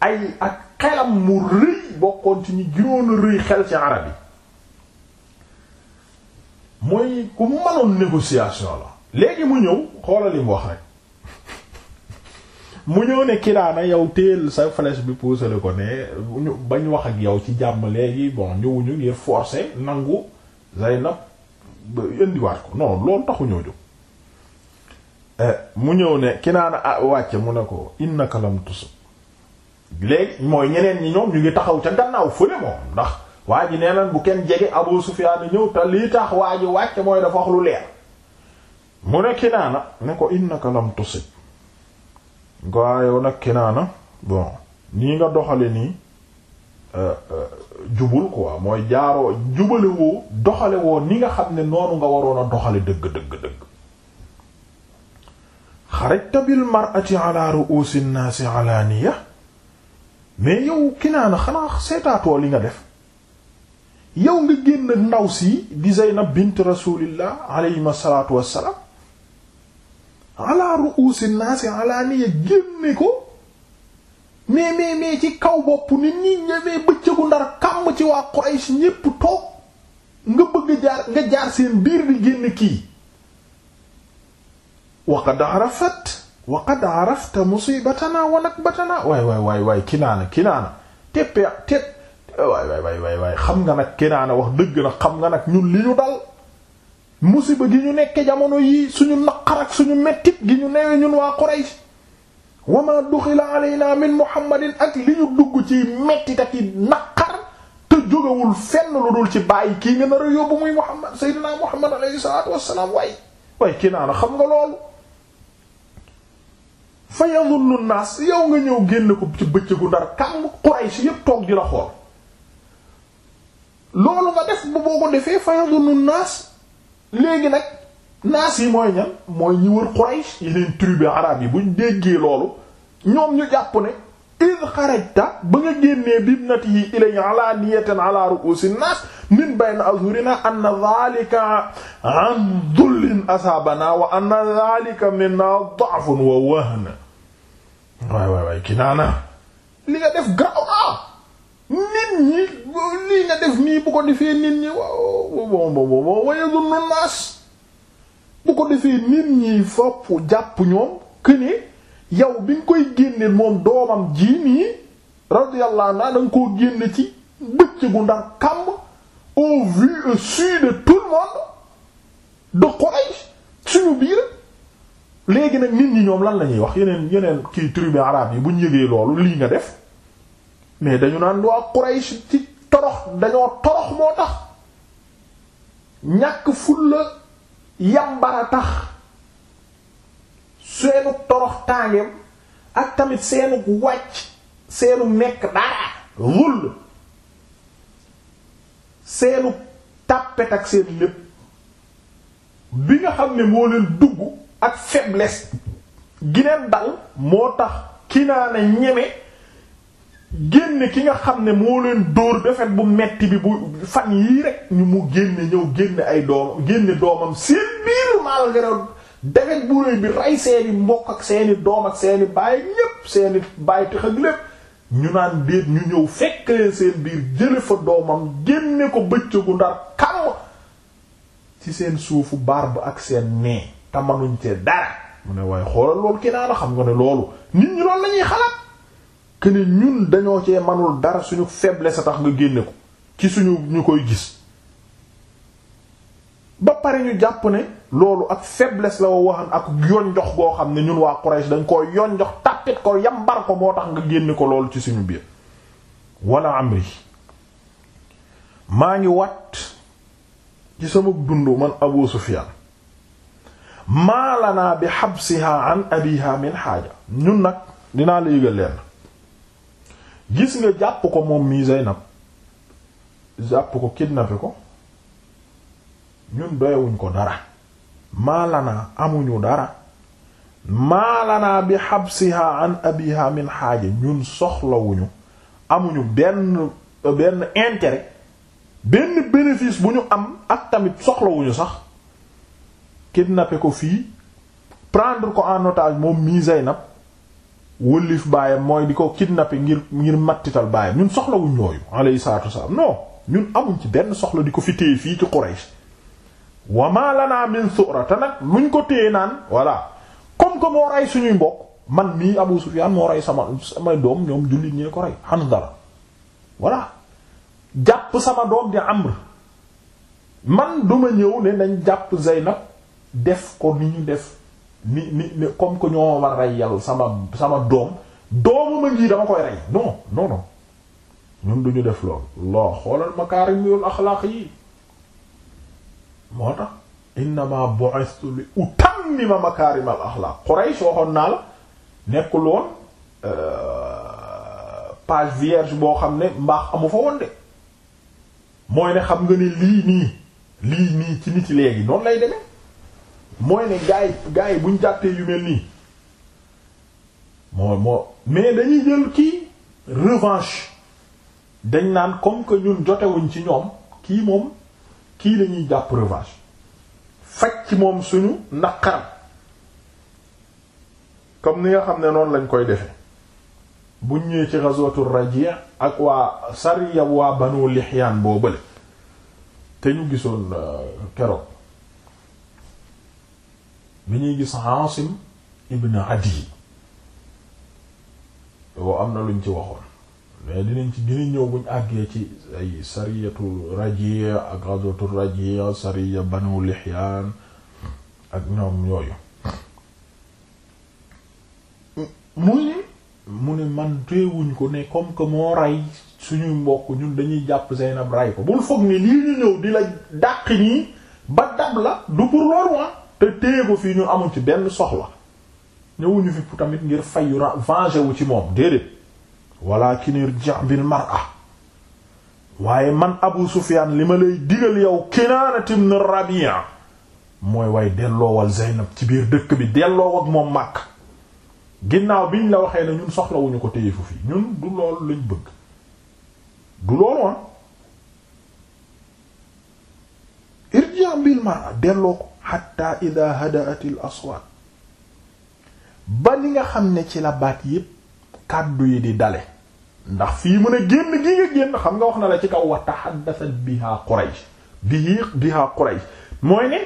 ay ak xelam mu rëy bokkoon ci ñi gënoon rëy xel ci arab yi mooy ku mënoon négociation la léegi mu ñëw xoolal wax rek mu ñëw ne kiraana yow téel sa flèche bi pousser ko ne ñu bañ wax ak yow ci jàmm léegi bon ñëwuñu ngir forcer nangu Zaynab indiwaat ko non loolu taxu ñoo jóg Eh, mu ñëw ne Kinaana a ah, wàcce mu ne ko innaka lam tus léegi mooy ñeneen ñi ñoom ñu ngi taxaw ca gannaaw fële moom ndax waa ji nee naan bu kenn jege abul Sufyaan ñëw te lii tax waa ji wàcce mooy dafa wax lu leer mu ne Kinaana ne ko innaka lam tusib nga yow nag Kinaana bon nii nga doxale nii eh, eh, jubul quoi mooy jaaroo jubale woo doxale woo ni nga xam ne noonu nga waroon a doxale dëgg dëgg dëgg xarajta bil mar'ati ala ru'usi nnaasi alaaniya mais yow Kinaana xanaa seetaatoo li nga def yow nga génn ndaw si di na bint rasulillah alayhi salaatu wassalaam ala ru'usi nnaasi alaaniya génne ko mais mais mais ci kaw bopp nit ñi ñëwee bëccëgu ndar kàmm ci waa Quraysh ñépp toog nga bëgg jaar nga jaar seen biir di génn kii. wa qad arafat wa qad arafta musibatana wa nakbatana waay waay waay waay kinaana kinaana teppe tepp waay waay waay waaye xam nga nag kinaana wax dëgg na xam nga nag ñun li ñu dal musiba gi ñu nekk jamono yii suñu naqar ak suñu mettit gi ñu newee ñun waa Quraysh wama duxila alayna min muhammadin ak li dugg ci mettit ak i naqar te jógewul fenn lu dul ci bàyyi kii nga nar a yóbbu muy muhammad seydinaa muhammad alayhi salaatu wassalaam waay waay kinaana xam nga loolu fa yazunnu naas yow nga ñëw génn ko ci bëccëgu ndar kàmm Quraysh yépp toog di la xool loolu nga def ba ko defee fa yazunnu naas léegi nag naas yi mooy ñan mooy ñi wër Quraysh yeneen tribu arab yi buñ déggee loolu ñoom ñu jàpp ne id xarajta ba nga génnee bibnatihi ilay ala niyatan ala ru'usi nas min bayna azhurina anna dhalika an dullin asabana wa anna dhalika minna da'fun wa wahn waay waay waay Kinaana li nga def garaw ah nit ñi lii nga def nii bu ko defee nit ñi waaw bo wayadunnu naas bu ko defee nit ñi fopp jàpp ñoom këne yow bi nga koy génneel moom doomam jii nii radiyallahu anhu da nga koo génne ci bëccëgu ndax kàmb au vu au su de tout le de Quraish suñu biir léegi nag nit ñi ñoom lan la ñuy wax yeneen yeneen kii tribu arabe yi bu ñu yëgee loolu lii nga def mais dañu naan waa Quraish ci torox dañoo torox moo tax ñàkk fulla yambara tax seenu torox tàngeem ak tamit seenu wàcc seenu nekk dara wull seenu tàppet ak seen lépp bi nga xam ne moo leen dugg ak faiblesse gineen dal moo tax ki naa ne ñeme génn ki nga xam ne moo leen dóor defet bu metti bi bu fan yii rek ñu mu génne ñëw génne ay doomam génne doomam seen biir malgré deret bu réy bi rey seeni mbokk ak seeni doom ak seeni baay ñépp seeni baay tax ak ñu naan déet ñu ñëw fekk leen seen biir jële fa doomam génne ko bëccëgu ndar kam ci seen suufu ba ak seen nee te manuñ ci dara mu ne waaye xoolal loolu ki daana xam nga ne loolu nit ñi loolu lañuy xalaat que ñun dañoo cee manul dara suñu faiblesse sa tax nga génne ko ci suñu ñu koy gis ba pare ñu jàpp ne loolu ak faiblesse la wax ak yoon jox goo xam ne ñun waa Quraysh dañ koo yoon jox tàppit ko yambar ko moo tax nga génn ko loolu ci suñu biir am amri maa ngi wat ci sama dund man Abu Sufyan maa lanaa bi habsiha an abiha min haaja ñun nag dinaa la yëgal leen gis nga jàpp ko moom mii Zaynab jàpp ko kidnappé ko ñun doyewuñ ko dara maalanaa amuñu dara maalanaa bi xabsiha an abiha min xaaja ñun soxlawuñu amuñu benn benn intérêt benn bénéfice bu ñu am ak tamit soxlawuñu sax kidnapper ko fii prendre ko en otage moom mii Zaynab wëllif baayam mooy di ko kidnapper ngir ngir mattital baayam ñun soxlawuñ yooyu alayhi salaatu wasalaam non ñun amuñ ci benn soxla di ko fi fii ci Quraysh wa la lana min su'ra te nag luñ ko téye naan voilà comme que moo rey suñuy mbokk man mii Abu Sufyaan moo rey sama sama doom ñoom jullit ñee ko rey Handala voilà jàpp sama doom di Amr man duma ñëw ne nañ jàpp Zaynab def ko ni ñu def ni ni ni comme a rey sama sama doom doomu ma ngi dama koy rey non non ñun duñu def loolu loo xoolal makaarimul axlaaq yi moo tax innama bu'istu li utammima makaarimal axlaaq Quraysh waxoon naa la nekkul woon euh, page vierge boo xam ne mbaax amu fa woon mooy ne xam nga ne lii nii lii nii ci nit léegi noonu lay demee mooy ne gaa yi buñ jàttee yu mel nii moo moo mais dañuy jël kii revanche dañ naan comme que ñun jotewuñ ci ñoom kii moom kii la ñuy jàpp revanche faj moom suñu naqaram comme ni nga xam ne noonu lañ koy defe buñ ñëwee ci ghazwatu Raji' ak waa sariya waa Banu Lihyaan boo bële te ñu gisoon euh, keroog bi ñuy gis Aasim ibn Adi yoo am na luñ ci waxoon mais dinañ ci gën a ñëw buñ àggee ci ay sariyatu Raji' ak ghazwatu Raji' sariya Banu Lihyan ak ñoom yooyu mu ne man teewuñ ko ne comme que moo rey suñuy mbokk ñun dañuy jàpp Zeynab rey ko bul foog ni lii ñu ñëw di la dàq ñii ba dab la du pour loolu wa ah. te téye ko fii ñu amul ci benn soxla ñëwuñu fi tamit ngir fayu venger wu ci moom déedéet walakin irji' bil mar'a waaye man abu sufyan li ma lay digal yow kinaanat ibn rabi'a mooy way delloowal zeynab ci biir dëkk bi delloo moom màkk ginnaaw biñ la waxee na ñun soxlawuñu ko téyefu fii ñun du loolu lañ bëgg du loolu woon ah. mar'a delloo ko hatta idha hada'at al ba li nga xam ne ci la baat yépp kàddu yi di dale ndax fii mën a génn gi nga génn xam nga wax na la ci kaw wa tahaddathat biha Quraysh bihi biha Quraysh mooy ne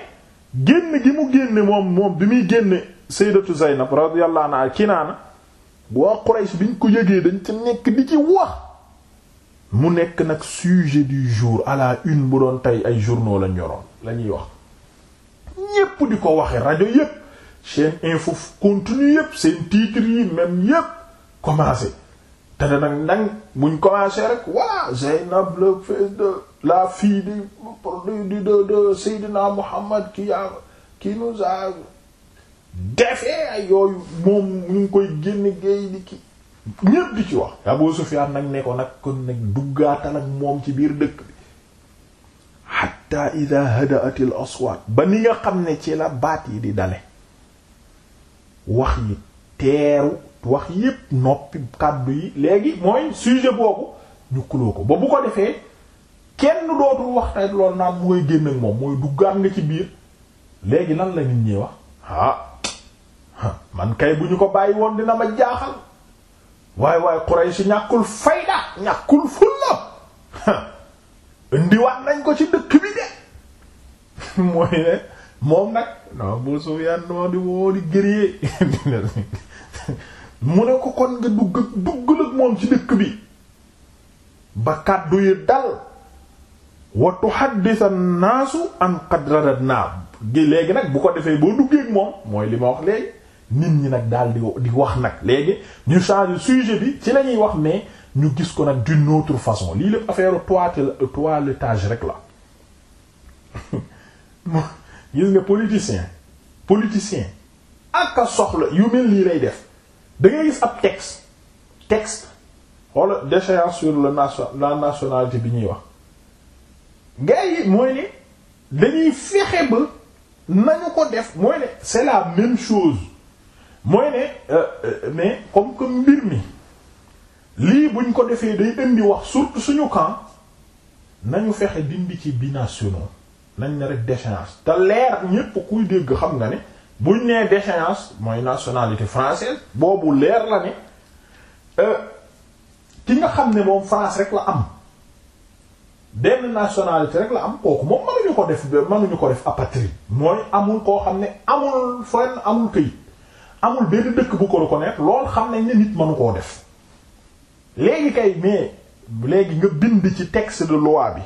génn gi mu génne moom moom bi muy génne sayyidatu Zaynab radiyallahu anha Kinaana waa Quraysh biñ ko yëgee dañ ci nekk di ci wax mu nekk nag sujet du jour à la une bu doon tey ay journaux lañ yoroon la ñuy wax ñépp di ko waxe rajo yépp chaîne info continue yépp seen titres yi yépp commencé te ne nag ndang buñ commencé rek voilà Zeynab la fille du produit du de de Seydina Mohammad qui a qui nous a defee yooyu moom ñu koy génn géey di ki ñépp di ci wax Abu Sufyaan nag ne ko nag kon nag duggaatal ak moom ci biir dëkk bi hatta ida hadaatil aswaat ba ni nga xam ne ci la baat yi di dale wax yi teeru wax yépp noppi kàddu yi léegi mooy sujet boobu ñu kuloo ko ba bu ko defee kenn dootul wax tey loolu naan mu génn ak moom mooy dugg duggaat nga ci biir léegi nan lañu nit wax ah man kay bu ñu ko bàyyi woon dina ma jaaxal waaye waaye Quraysh ñàkkul fayda ñàkkul fulla indiwaat nañ ko ci dëkk bi de mooy ne moom nag non bu Sufyaan noo di moo di gëriyee mu ne ko kon nga dugg ak duggal ak moom ci dëkk bi ba kàddu yi dal wa tuhaddisa naasu an qad radadna gi léegi nag bu ko defee boo duggee moom mooy li ma wax léegi nit ñi nag daal di di wax nag léegi ñu changer sujet bi ci la ñuy wax mais ñu gis ko nag d'une façon lii lépp affaire toilettage rek la gis nga politicien politicien ak soxla yu mel lii lay def da ngay gis ab texte texte wala déchéance sur le nation la nationalité bi ñuy wax gars yi mooy ne dañuy fexe ba nañu ko def mooy ne c'est la même chose mooy ne euh, euh, mais comme que mbir mi lii buñ ko defee day indi wax surtout suñu camp nañu fexe dindi ci binationaux nañ ne rek déchéance te leer ñépp kuy dégg xam nga ne. buñ nee déchéance mooy nationalité française boobu leer la ne euh, ki nga xam ne moom France rek la am benn nationalité rek la am kooku moom mënuñu ko def mënuñu ko def apatride mooy amul koo xam ne amul fenn amul këyit amul benn dëkk bu ko reconnaître lool xam nañ ne nit mënu koo def léegi kay mais léegi nga bind ci texte de loi bi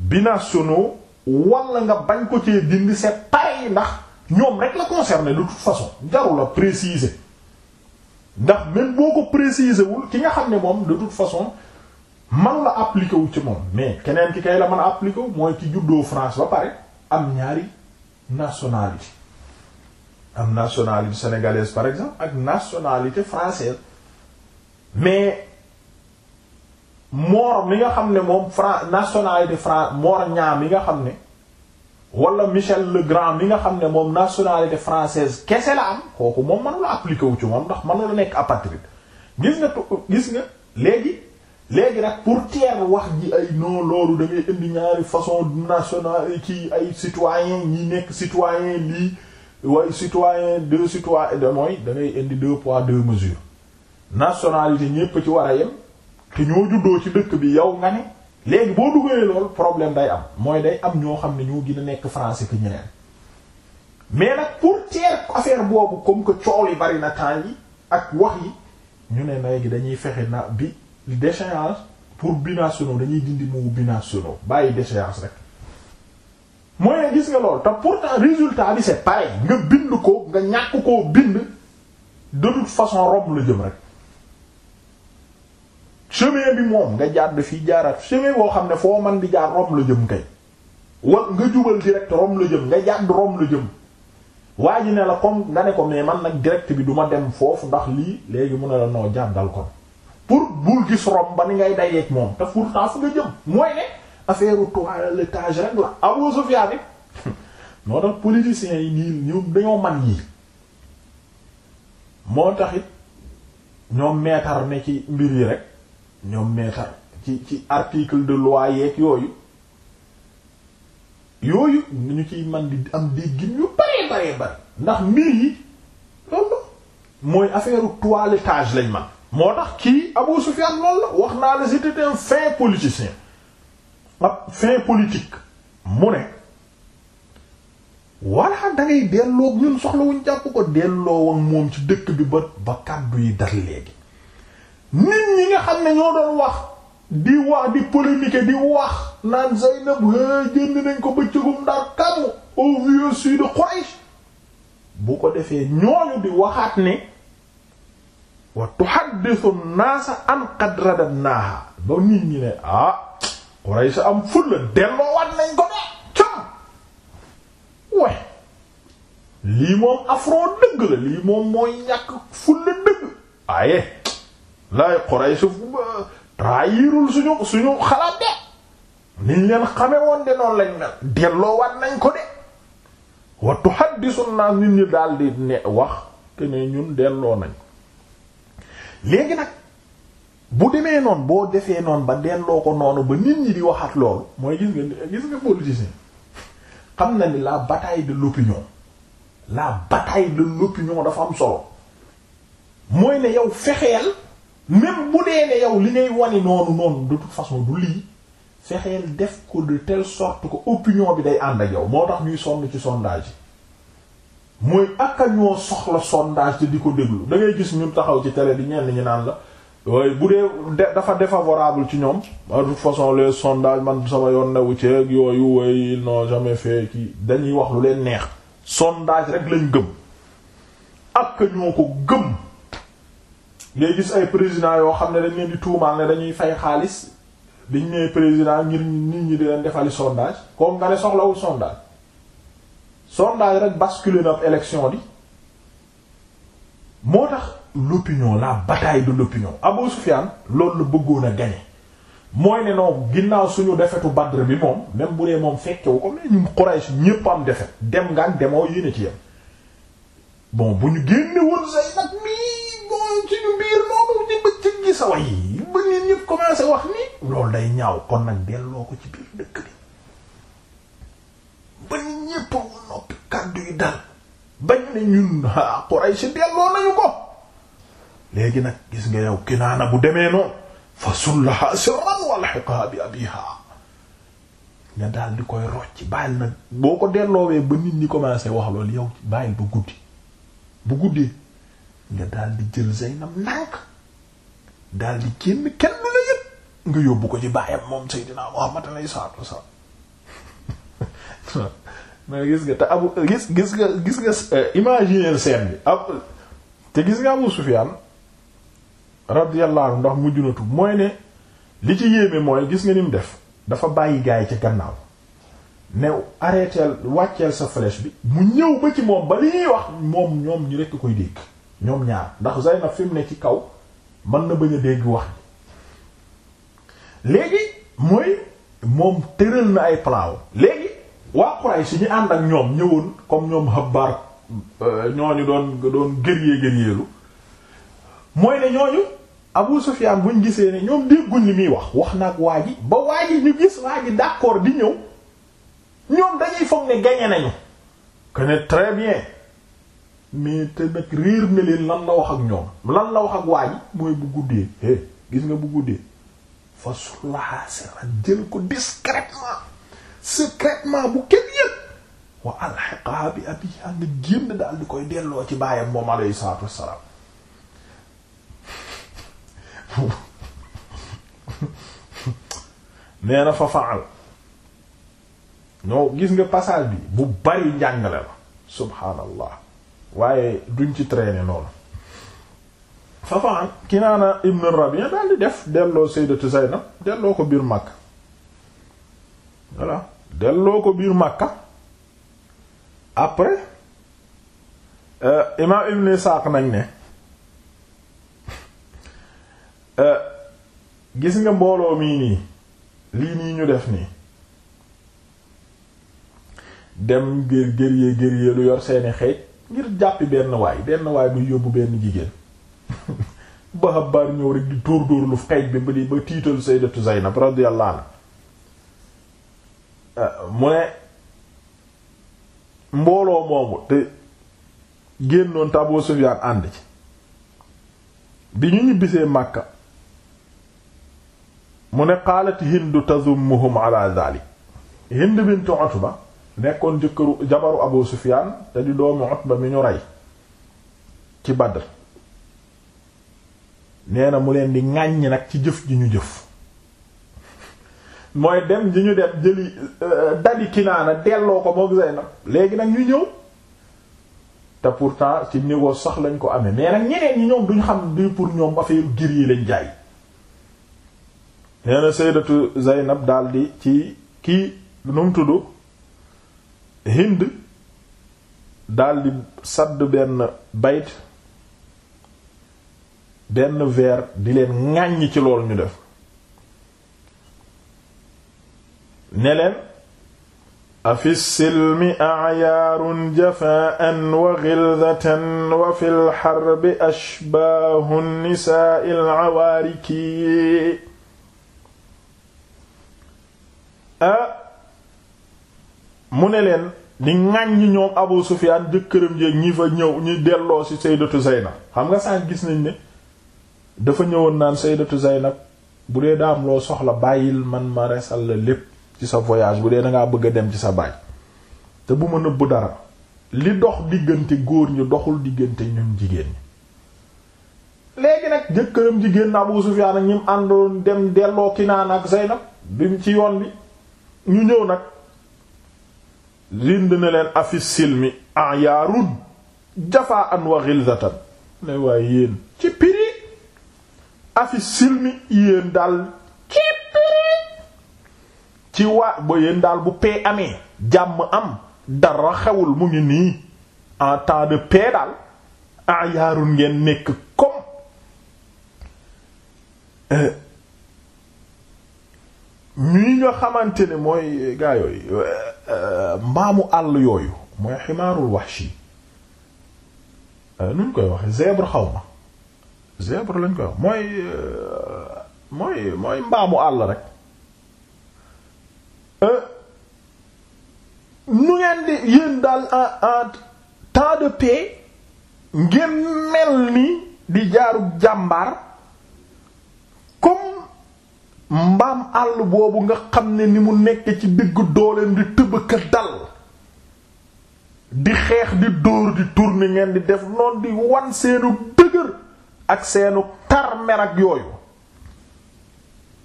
binationaux wala nga bañ ko cee dindi c'est pareil ndax ñoom rek la concerné de toute façon jarul la préciser ndax même boo ko préciser wul ki nga xam ne moom de toute façon man la appliqué wu ci moom mais keneen ki kay la mën a appliqué mooy ci juddoo France ba pare am ñaari nationalité am nationalité sénégalaise par exemple ak nationalité française mais moor mi nga xam ne moom Fra nationalité Fra moor ñaar nga xam ne. wala le Legrand bi nga xam ne moom nationalité française kese la am kooku moom mënula appliqué wu ci moom ndax mënula nekk apatride gis nga gis nga léegi léegi nag pour teer wax ji ay non loolu da indi ñaari façon nationale ci ay citoyen ñi nekk citoyen lii way citoyen deux citoyen de mooy da ngay indi deux poids deux mesures nationalité ñépp ci war a yem te ñoo juddoo ci dëkk bi yow nga ne léegi boo dugalee loolu problème day am mooy day am ñoo xam ne ñoo gën nekk français que ñeneen mais nag pour teer affaire boobu comme que coow yi bari na temps yi ak wax yi ñu ne léegi dañuy fexe na bi déchéance pour binationaux dañuy dindi moo binationaux bàyyi déchéance rek mooy ne gis nga loolu te pourtant résultat bi c'est pareil nga bind ko nga ñàkk koo bind de toute façon romb la jëm rek chemin bi moom nga jàdd fii jaaraat chemin woo xam ne foo man di jaar Rome la jëm kay wa nga jubal direct Rome la jëm nga jàdd Rome la jëm waa ji ne la comme nga ne ko mais man nag direct bi du ma dem foofu ndax lii léegi mu ne la noo jàddal kon pour bul gis Rome ba ni ngay dayeeg moom te pourtant fu nga jëm mooy ne affaire toilettage rek la Abu Sufyan bi moo tax politiciens yi nii ñoom dañoo man yi moo taxit ñoom meetar ne ci mbir yi rek ñoom meetar ci ci article de loi yeeg yooyu yooyu ñu ciy man bi am déggin yu baree baree bare ndax mbir yi loolu mooy affaire toilettage lañ man moo tax kii Abou Soufiane loolu la wax naa la c'était un fin politicien ab fin politique mu ne walla dangay delloo ñun soxlawuñ jàpp ko delloo ak moom ci dëkk bi ba ba kàddu yi dar léegi nit ñi nga xam ne ñoo doon wax di wax di polémique di wax naan Zaynab jënd nañ ko bëccëgum ndar kàmm au vieux sud de Quraish ko defee ñooñu di waxaat ne wa tuhaddithu naasa an qad radadnaaha ba nit ñi ne ah Quraish am fulla delloo wat nañ ko de com way lii moom affront dëgg la lii moom mooy ñàkk fulla dëgg waaye lay Quraysh su trahirul suñu suñu xalaat de niñ leen xame woon de noon lañ mel delloowaat nañ ko de wa tuhaddisu naas nit ñi daal di ne wax que ne ñun delloo nañ léegi nag bu demee noon boo defee noonu ba delloo ko noonu ba nit ñi di waxaat loolu mooy gis nga gis nga politicien xam na ni la bataille de l'opinion la bataille de l'opinion dafa am solo mooy ne yow fexeel même bu dee ne yow li ngay wani noonu noonu de toute façon du lii fexeel def ko de telle sorte que opinion bi day ànd ak yow moo tax ñuy sonn ci sondage yi mooy ak a ñoo soxla sondage te di ko déglu da ngay gis ñu taxaw ci télé di ñenn ñi naan la waaye bu dee dafa défavorable ci ñoom de toute façon les sondages man sama yoon newu ci yooyu way non jamais fait kii dañuy wax lu leen neex sondage rek lañ gëm ak ñoo ko gëm ngay gis ay président yoo xam ne dañ leen di tuumaal ne dañuy fay xaalis biñ nee président ñi nit ñi di leen defali sondage comme nga ne soxlawul sondage sondage rek basculer na élection bi moo tax l'opinion la bataille de l'opinion Abou Soufiane loolu la bëggoon a gagner mooy ne non ginnaaw suñu defetu Badr bi moom même bu dee moom fekkewu ko mais ñun Quraysh ñépp am defet dem nga ak demoo yéene ci yam bon bu ñu génne woon say nag mii bon ci ñu biir noonu di bëccëg gi sa way ba nit ñëpp commencé wax ni loolu day ñaaw kon nag delloo ko ci biir dëkk bi ba nit ñëpp mu noppi kàddu yi dal bañ delloo nañu ko léegi nag gis nga yow Kinaana bu demee noonu fa sullaha sirran walhiqaha bi abiha nga daal di koy rocc bàyyil nag boo ko delloowee ba nit ñi commencé wax loolu yow bàyyil ba guddi bu guddee nga daal di jël Zeynab nànk daal di kenn kenn la yëpp nga yóbbu ko ci baayam moom Seydina dinaa alayhi salaatu wasalaam mais gis nga te gis gis nga gis nga euh, imaginer scène bi ab te gis nga amul Sufyaan radiyallahu anhu ndax mujj na tuub mooy ne li ci yéeme mooy gis nga ni mu def dafa bàyyi gaa yi ci gannaaw new arrêteel wàcceel sa flèche bi mu ñëw ba ci moom ba li wax moom ñoom ñu rekk koy dégg ñoom ñaar ndax Zaynab fi mu ne ci kaw mën na bañ a dégg wax léegi mooy moom tëral na ay plan léegi waa Quraysh ñu ànd ak ñoom ñëwoon comme ñoom Habbar euh, ñooñu doon doon gërëyee gërëyeelu mooy ne ñooñu Abu Sufyan buñ gisee ne ñoom dégguñ li muy wax wax na ak waa ba waa ji ñu gis waa ji d'accord di ñëw ñoom dañuy foog ne gagné nañu. que ne très bien. mais te nag réer na leen lan la wax ak ñoom lan la wax ak waa mooy bu guddee eh gis nga bu guddee fa sulaha sera ko discrètement secrètement bu kenn yëpp wa alxiqaa bi abiha nga génn daal di koy delloo ci baayam moom alayhi salaatu wassalaam nee na fa faal non gis nga passage bi bu bari njàngale la subhaanallah waaye duñ ci traîner noonu fafaan Kinaana ibn Rabi'a daal di def delloo sayyidatu Zaynab delloo ko biir Makka voilà delloo ko biir Makka après euh, imaam Ibn Isaaq nañ ne euh, gis nga mbooloo mii nii lii nii ñu def nii dem gër gër yee gër yee lu yor seeni xeej ngir jàppi benn waay benn waay buy yóbbu benn jigéen ba xabaar ñëw rek di dóor dóor xeej bi ba tiital sayyidatu Zaynab radiyallahu anha euh, mu ne mbooloo moomu te génnoon te Abu ànd ci bi ñu ñibbisee Makka mu ne qaalat Hindu tazummuhum ala zalik Hind bint Utba nekkoon jëkkëru jabaru Abu Sufyaan te di doomu Utba mi ñu rey ci Badr nee na mu leen di ŋàññ nag ci jëf ji ñu jëf mooy dem ji ñu def jëli euh, dali Kinaana delloo ko mook Zaynab léegi nag ñuy ñëw te pourtant ci négoce sax lañ ko amee mais nag ñeneen ñi ñoom duñ xam du pour ñoom affaire gir yi lañ jaay nee na Sayyidatu daldi ci kii nu mu tudd hind daldi sadd benn bayt benn vers di leen ŋàññ ci lool ñu def ne leen afi silmi ayaarun jafaan wa xildatan wa fi lxarbi ashbaahu nisaai lawaariki mu ne leen di ñi ñoom Abu Sufyaan jëkkëram jeeg ñi fa ñëw ñi delloo ci Sayyidatu Zaynab xam nga sànq gis nañ ne dafa ñëwoon naan Sayyidatu Zaynab bu dee daa am loo soxla bàyyil man ma resal la lépp ci sa voyage bu dee dangaa bëgg a dem ci sa baay te bu ma nëbbu dara li dox diggante góor ñi doxul diggante ñun jigéen ñi léegi nag jëkkëram jigéen na Abu Sufyaan ak ñi mu àndoon dem delloo Kinaan ak Zaynab bi ci yoon bi ñu ñëw nag rind na leen afis silmi ayaarun jafaa an wa ghilzatan ne waaye yéen ci piri afis silmi yéen daal ci piri ci waa ba yéen daal bu paix amee jàmm am dara xewul mu ngi nii en temps de paix daal ayaarun ngeen nekk comme euh, mii nga xamante ne mooy eh, gaa yooyu eh, eh, mbaamu àll yooyu mooy ximaarul wahshi nuñ koy wax zèbre xaw ma zèbre lañ koy wax mooy mooy mbaamu àll rek nu ngeen di yéen daal en en temps de paix ngeen mel ni di jaaru jàmbar comme mbaam àll boobu nga xam ne ni mu nekk ci diggu dooleem di tëb ka dal di xeex di dóor di tourner ngeen di def noonu di wan seenu dëgër ak seenu tarmer ak yooyu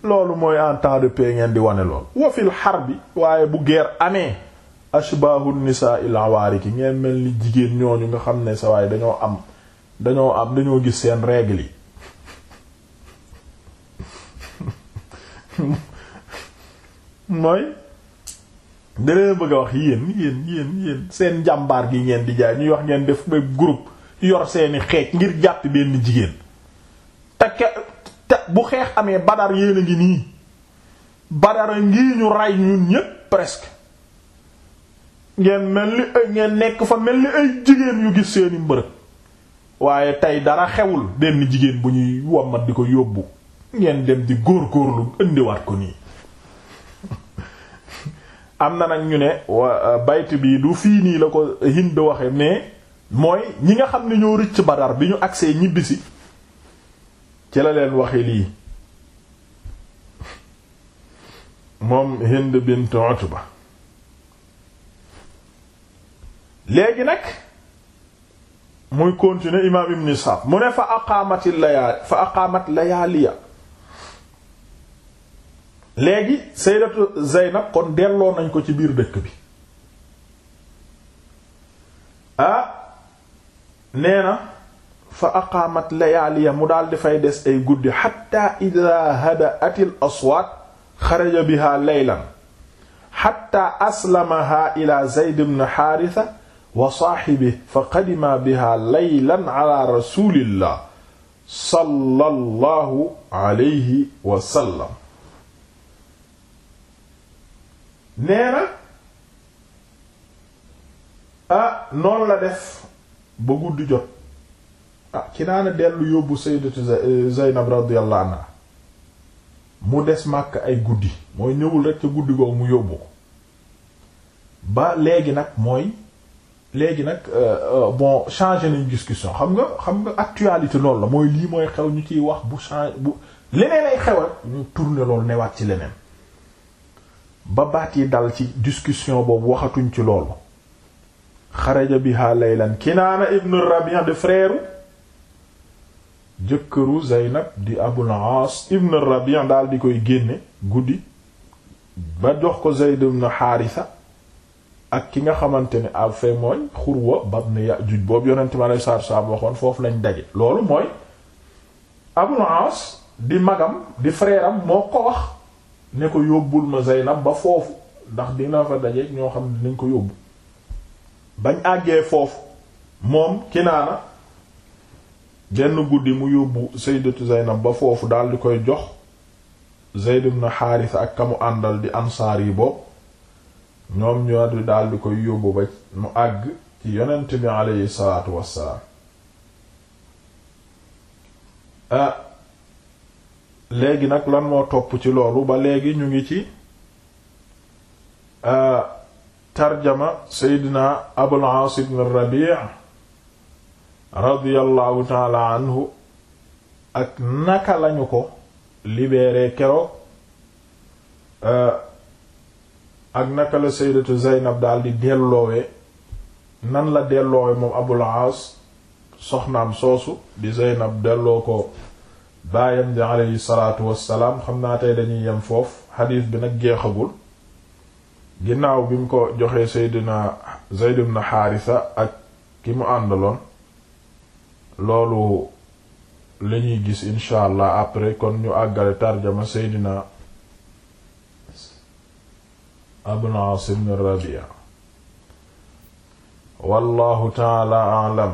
loolu mooy en temps de paix ngeen di wane lool wa fil harbi waaye bu guerre amee ashbahu nisaa il awaariki ngeen mel ni jigéen ñooñu nga xam ne sa waaye dañoo am dañoo am dañoo gis seen règle yi mooy dalee bëgg a wax yéen yéen yéen yéen seen njàmbaar gi ngeen di jaay ñuy wax ngeen def ba groupe yor seeni xeej ngir jàpp benn jigéen te bu xeex amee badar yéen a ngi nii badar a ngi ñu ray ñun ñépp ngeen mel ni ay ngeen nekk fa mel ni ay jigéen yu gis seeni mbërëg waaye tey dara xewul benn jigéen bu ñuy wommat di ko yóbbu ngeen dem di góor góorgóorlu indiwaat ko nii am na nag ñu ne wa euh, bayt bi du fii nii la ko Hind waxe mais mooy ñi nga xam ne ñoo rëcc Badar bi ñu agsee ñibbisi ci la leen waxe lii moom Hind bint Utba léegi nag muy continuer imaam Ibn Sa'd mu ne fa aqaamatil layaali fa aqaamat layaaliya léegi sayyidatu Zeynab kon delloo nañ ko ci biir dëkk bi ah nee fa aqaamat layaaliya mu daal di des ay guddi xatta ida hada'at al aswaat xaraja biha laylan xatta aslamaha ila Zayd ibn Haarisa wa saaxibihi fa qadima biha laylan ala rasulillah sallallahu alayhi wa nee ah noonu la def ba guddi jot ah Kinaana dellu yóbbu sayyidatu eh, Zaynab radiyallahu anha mu des màkk ay guddi mooy ñëwul rek ca guddi googu mu yóbbu ko ba léegi nag mooy léegi nag eh, eh, bon changé nañu discussion xam nga xam nga actualité loolu la mooy lii mooy xew ñu ciy wax bu changé bu leneen ay xewal ñu tourner loolu newaat ci leneen ba baat yi dal ci discussion boobu waxatuñ ci loolu xaraja biha laylan kinaana ibnu rabi' de frère jëkkëru zeynab di abul aas ibnu daal di koy génne guddi ba jox ko zeyd na xaarisa ak ki nga xamante ni ab fee mooy xurwa bab ya juj boobu yonente ma lay saar saab waxoon foofu lañ daje loolu mooy abul aas di magam di frère am moo ko wax ne ko yóbbul ma Zaynab ba foofu ndax dina fa dajeeg ñoo xam ne dinañ ko yóbbu bañ àggee foofu moom Kinaana benn guddi mu yóbbu sayyidatu Zaynab ba foofu dal di koy jox Zayd ibn Haarisa ak kamu àndal di ansaar yi bopp ñoom ñoo di daal di koy yóbbu ba mu àgg ci yonent bi aleyhi salaatu wassalaam ah léegi nag lan moo topp ci loolu ba léegi ñu ngi ci euh, tarjama seydina abul aas ibn rabi' radiyallahu taala anhu ak naka lañu ko libéré keroog euh, ak naka la seydatu zeynab daal di delloowe nan la delloowe moom abul aas soxnaam soosu di zeynab delloo ko baayam di aleyhi salaatu wassalaam xam naa tey dañuy yem foofu xadiis bi nag jeexagul ginnaaw bi mu ko joxee seydina Zayd ibn ak ki mu àndaloon loolu lañuy gis incha allah après kon ñu àggale tarjama seydina Abul Aas ibn Rabi'a wallahu taala alam